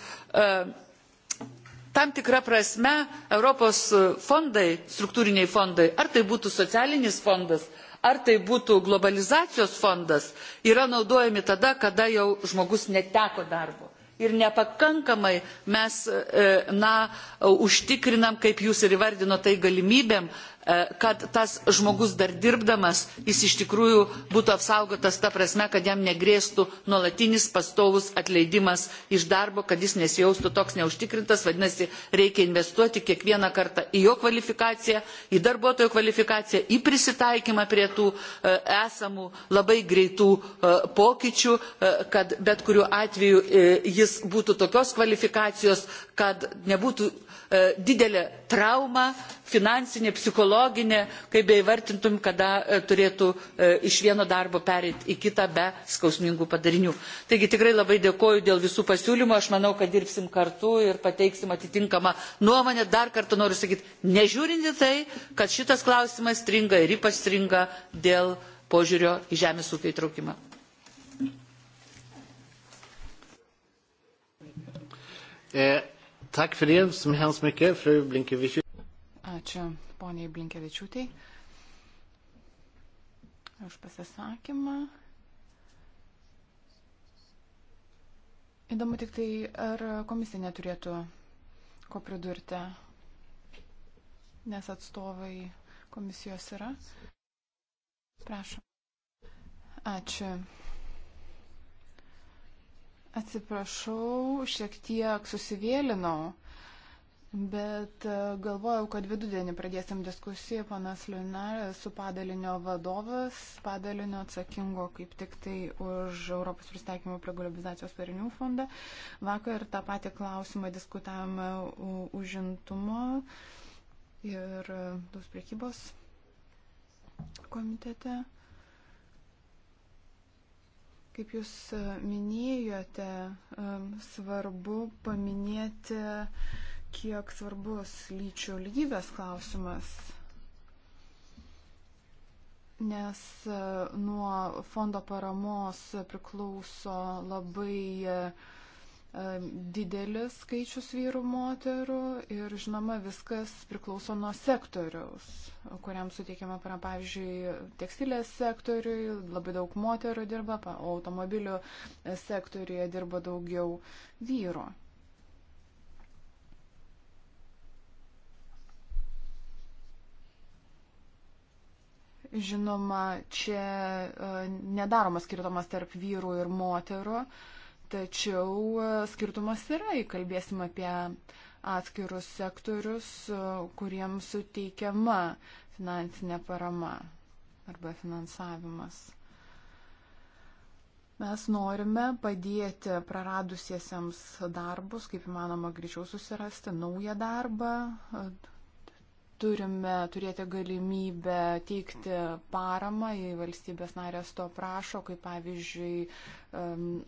tam tikra prasme Europos fondai, struktūriniai fondai, ar tai būtų socialinis fondas, ar tai būtų globalizacijos fondas, yra naudojami tada, kada jau žmogus neteko darbo. Ir nepakankamai mes e, na, užtikrinam, kaip jūs ir įvardino, tai galimybėm E, kad tas žmogus dar dirbdamas, jis iš tikrųjų būtų apsaugotas ta prasme, kad jam negrėstų nuolatinis pastovus atleidimas iš darbo, kad jis nesijaustų toks neužtikrintas, vadinasi, reikia investuoti kiekvieną kartą į jo kvalifikaciją, į darbuotojo kvalifikaciją, į prisitaikymą prie tų e, esamų labai greitų e, pokyčių, kad bet kuriuo atveju jis būtų tokios kvalifikacijos, kad nebūtų E, didelę traumą, finansinę, psichologinę, kaip beįvartintum, kada e, turėtų e, iš vieno darbo pereiti į kitą be skausmingų padarinių. Taigi tikrai labai dėkoju dėl visų pasiūlymų, aš manau, kad dirbsim kartu ir pateiksim atitinkamą nuomonę. Dar kartą noriu sakyti, nežiūrinti tai, kad šitas klausimas stringa ir ypač stringa dėl požiūrio į žemės ūkio įtraukimą. E, Tack för det så hemskt mycket, fru Blinkevičiūtė. Ačiū poniai Blinkevičiūtėj už pasisakymą. Įdomu tik tai, ar komisija neturėtų ko pridurti, nes atstovai komisijos yra. Prašom. Ačiū. Atsiprašau, šiek tiek susivėlinau, bet e, galvojau, kad vidudienį pradėsim diskusiją. Panas Liuna, esu padalinio vadovas, padalinio atsakingo kaip tik tai už Europos pristaikymo prie globalizacijos parinių fondą. Vakar tą patį klausimą diskutavome užimtumo ir e, tos priekybos komitete. Kaip Jūs e, minėjote, e, svarbu paminėti, kiek svarbus lyčių lygybės klausimas nes e, nuo fondo paramos priklauso labai E, didelis skaičius vyrų moterų ir žinoma viskas priklauso nuo sektoriaus, kuriam suteikiama parama. Pavyzdžiui, tekstilės sektoriui labai daug moterų dirba, o automobilių e, sektoriuje dirba daugiau vyrų. Žinoma, čia e, nedaromas skirtumas tarp vyrų ir moterų. Uh, Tačiau e, skirtumas yra, jei kalbėsim apie atskirus sektorius, e, kuriems suteikiama finansinė parama arba finansavimas. Mes norime padėti praradusiesiems darbus, kaip įmanoma greičiau susirasti naują darbą, turime turėti galimybę teikti paramą, jei valstybės narės to prašo, kaip pavyzdžiui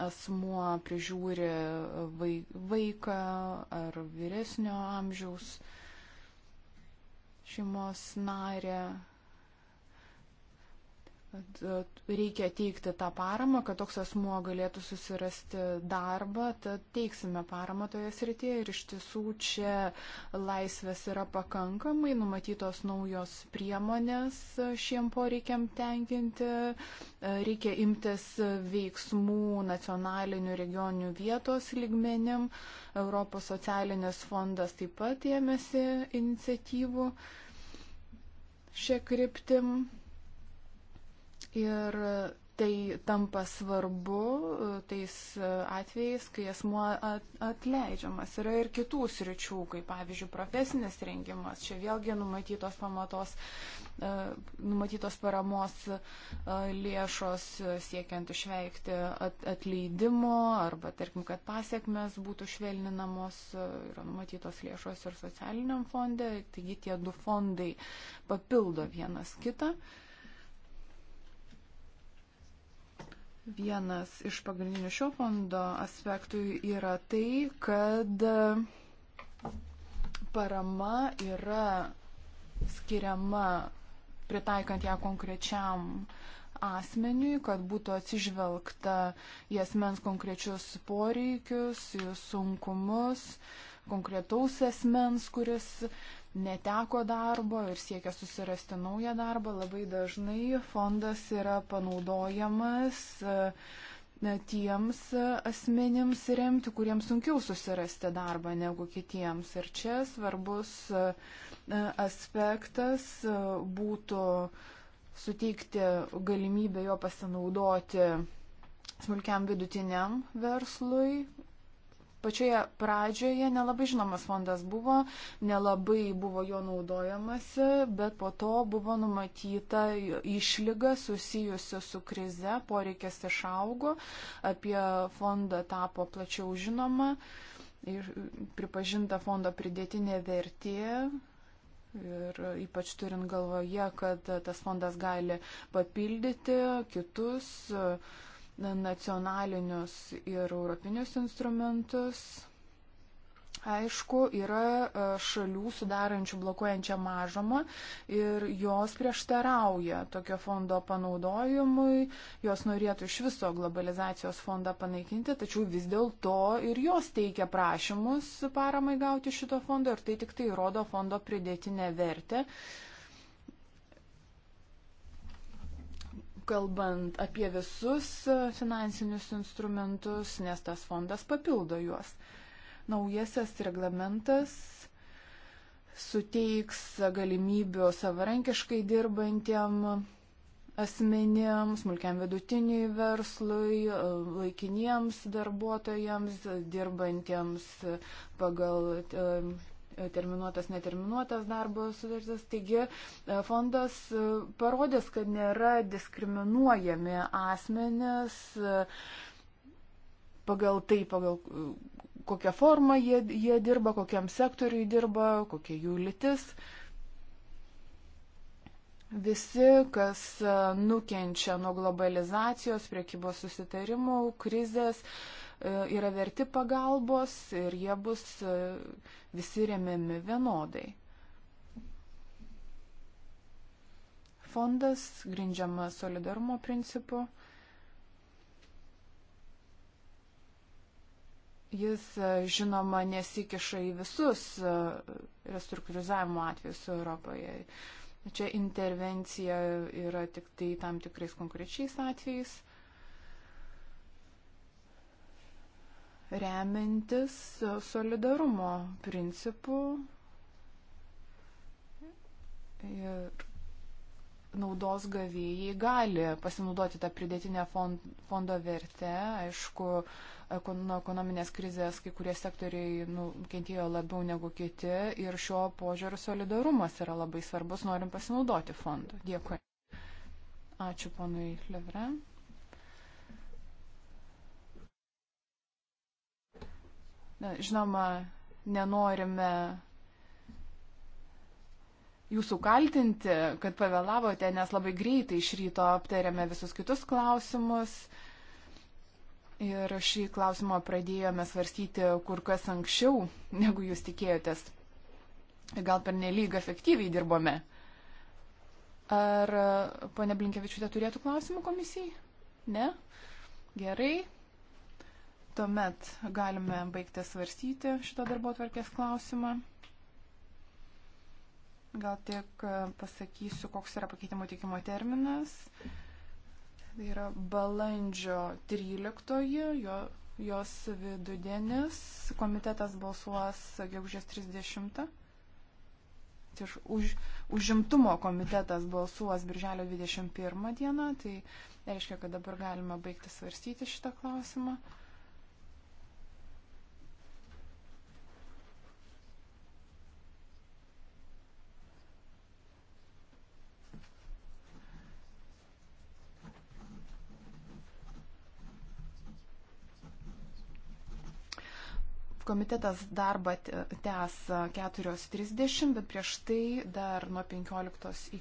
asmuo prižiūri vaiką ar vyresnio amžiaus šeimos narę E, reikia teikti tą paramą, kad toks asmuo galėtų susirasti darbą, tad teiksime paramą toje srityje ir iš tiesų čia laisvės yra pakankamai, numatytos naujos priemonės šiem poreikiam tenkinti, e, reikia imtis veiksmų nacionalinių regioninių vietos lygmenim, Europos socialinis fondas taip pat ėmėsi iniciatyvų šią kryptim Ir tai tampa svarbu e, tais e, atvejais, kai asmuo atleidžiamas. Yra ir kitų sričių, kaip pavyzdžiui profesinis rengimas. Čia vėlgi numatytos pamatos, e, numatytos paramos lėšos siekiant išveikti atleidimo arba tarkim, kad pasiekmes būtų švelninamos. Yra numatytos lėšos ir socialiniam fonde. Taigi tie du fondai papildo vienas kitą. Uh, Vienas iš pagrindinių šio fondo aspektų yra tai, kad e, parama yra skiriama pritaikant ją konkrečiam asmeniui, kad būtų atsižvelgta į asmens konkrečius poreikius, į sunkumus, konkretaus asmens, kuris neteko darbo ir siekia susirasti naują darbą, labai dažnai fondas yra panaudojamas e, tiems asmenims remti, kuriems sunkiau susirasti darbą negu kitiems. Ir čia svarbus e, aspektas e, būtų suteikti galimybę jo pasinaudoti smulkiam vidutiniam verslui, pačioje pradžioje nelabai žinomas fondas buvo, nelabai buvo jo naudojamasi, bet po to buvo numatyta išlyga susijusi su krize, poreikės išaugo, apie fondą tapo plačiau žinoma ir pripažinta fondo pridėtinė vertė. Ir ypač turint galvoje, kad tas fondas gali papildyti kitus uh, nacionalinius ir europinius instrumentus. Aišku, yra e, šalių sudarančių blokuojančią mažumą ir jos prieštarauja tokio fondo panaudojimui, jos norėtų iš viso globalizacijos fondą panaikinti, tačiau vis dėlto ir jos teikia prašymus paramai gauti šito fondo ir tai tik tai rodo fondo pridėtinę vertę. Uh, kalbant apie visus finansinius instrumentus, nes tas fondas papildo juos. Naujasis reglamentas suteiks galimybių savarankiškai dirbantiem asmenėm, smulkiam vidutiniai verslui, laikiniems darbuotojams, dirbantiems pagal e, terminuotas, neterminuotas darbo sutartis. Taigi e, fondas e, parodės, kad nėra diskriminuojami asmenės e, pagal tai, pagal kokią formą jie, jie dirba, kokiam sektoriui dirba, kokia jų lytis. Visi, kas nukenčia nuo globalizacijos, priekybos susitarimų, krizės, uh, E, yra verti pagalbos ir jie bus e, visi remiami vienodai. Fondas grindžiama solidarumo principu. Jis, e, žinoma, nesikiša į visus restruktūrizavimo atvejus Europoje. Čia intervencija yra tik tai tam tikrais konkrečiais atvejais. remiantis e, solidarumo principu ir naudos gavėjai gali pasinaudoti tą pridėtinę fondo vertę. Aišku, nuo ekonominės krizės kai kurie sektoriai nukentėjo labiau negu kiti ir šio požiūrio solidarumas yra labai svarbus, norim pasinaudoti fondu. Dėkui. Ačiū ponui Levren. Na, žinoma, nenorime jūsų kaltinti, kad pavėlavote, nes labai greitai iš ryto aptarėme visus kitus klausimus. Ir šį klausimą pradėjome svarstyti kur kas anksčiau, negu jūs tikėjotės. Gal per nelyg efektyviai dirbome. Ar ponia Blinkevičiūtė turėtų klausimų komisijai? Ne? Gerai. Tuomet galime baigti svarstyti šitą darbo tvarkės klausimą. Gal tik e, pasakysiu, koks yra pakeitimo teikimo terminas. Tai yra balandžio 13, jo, jos vidudienis. Komitetas balsuos gegužės 30. Tieš, už, užimtumo komitetas balsuos birželio 21 dieną. Tai reiškia, kad dabar galima baigti svarstyti šitą klausimą. komitetas darbą tęs 4.30, bet prieš tai dar nuo 15 iki.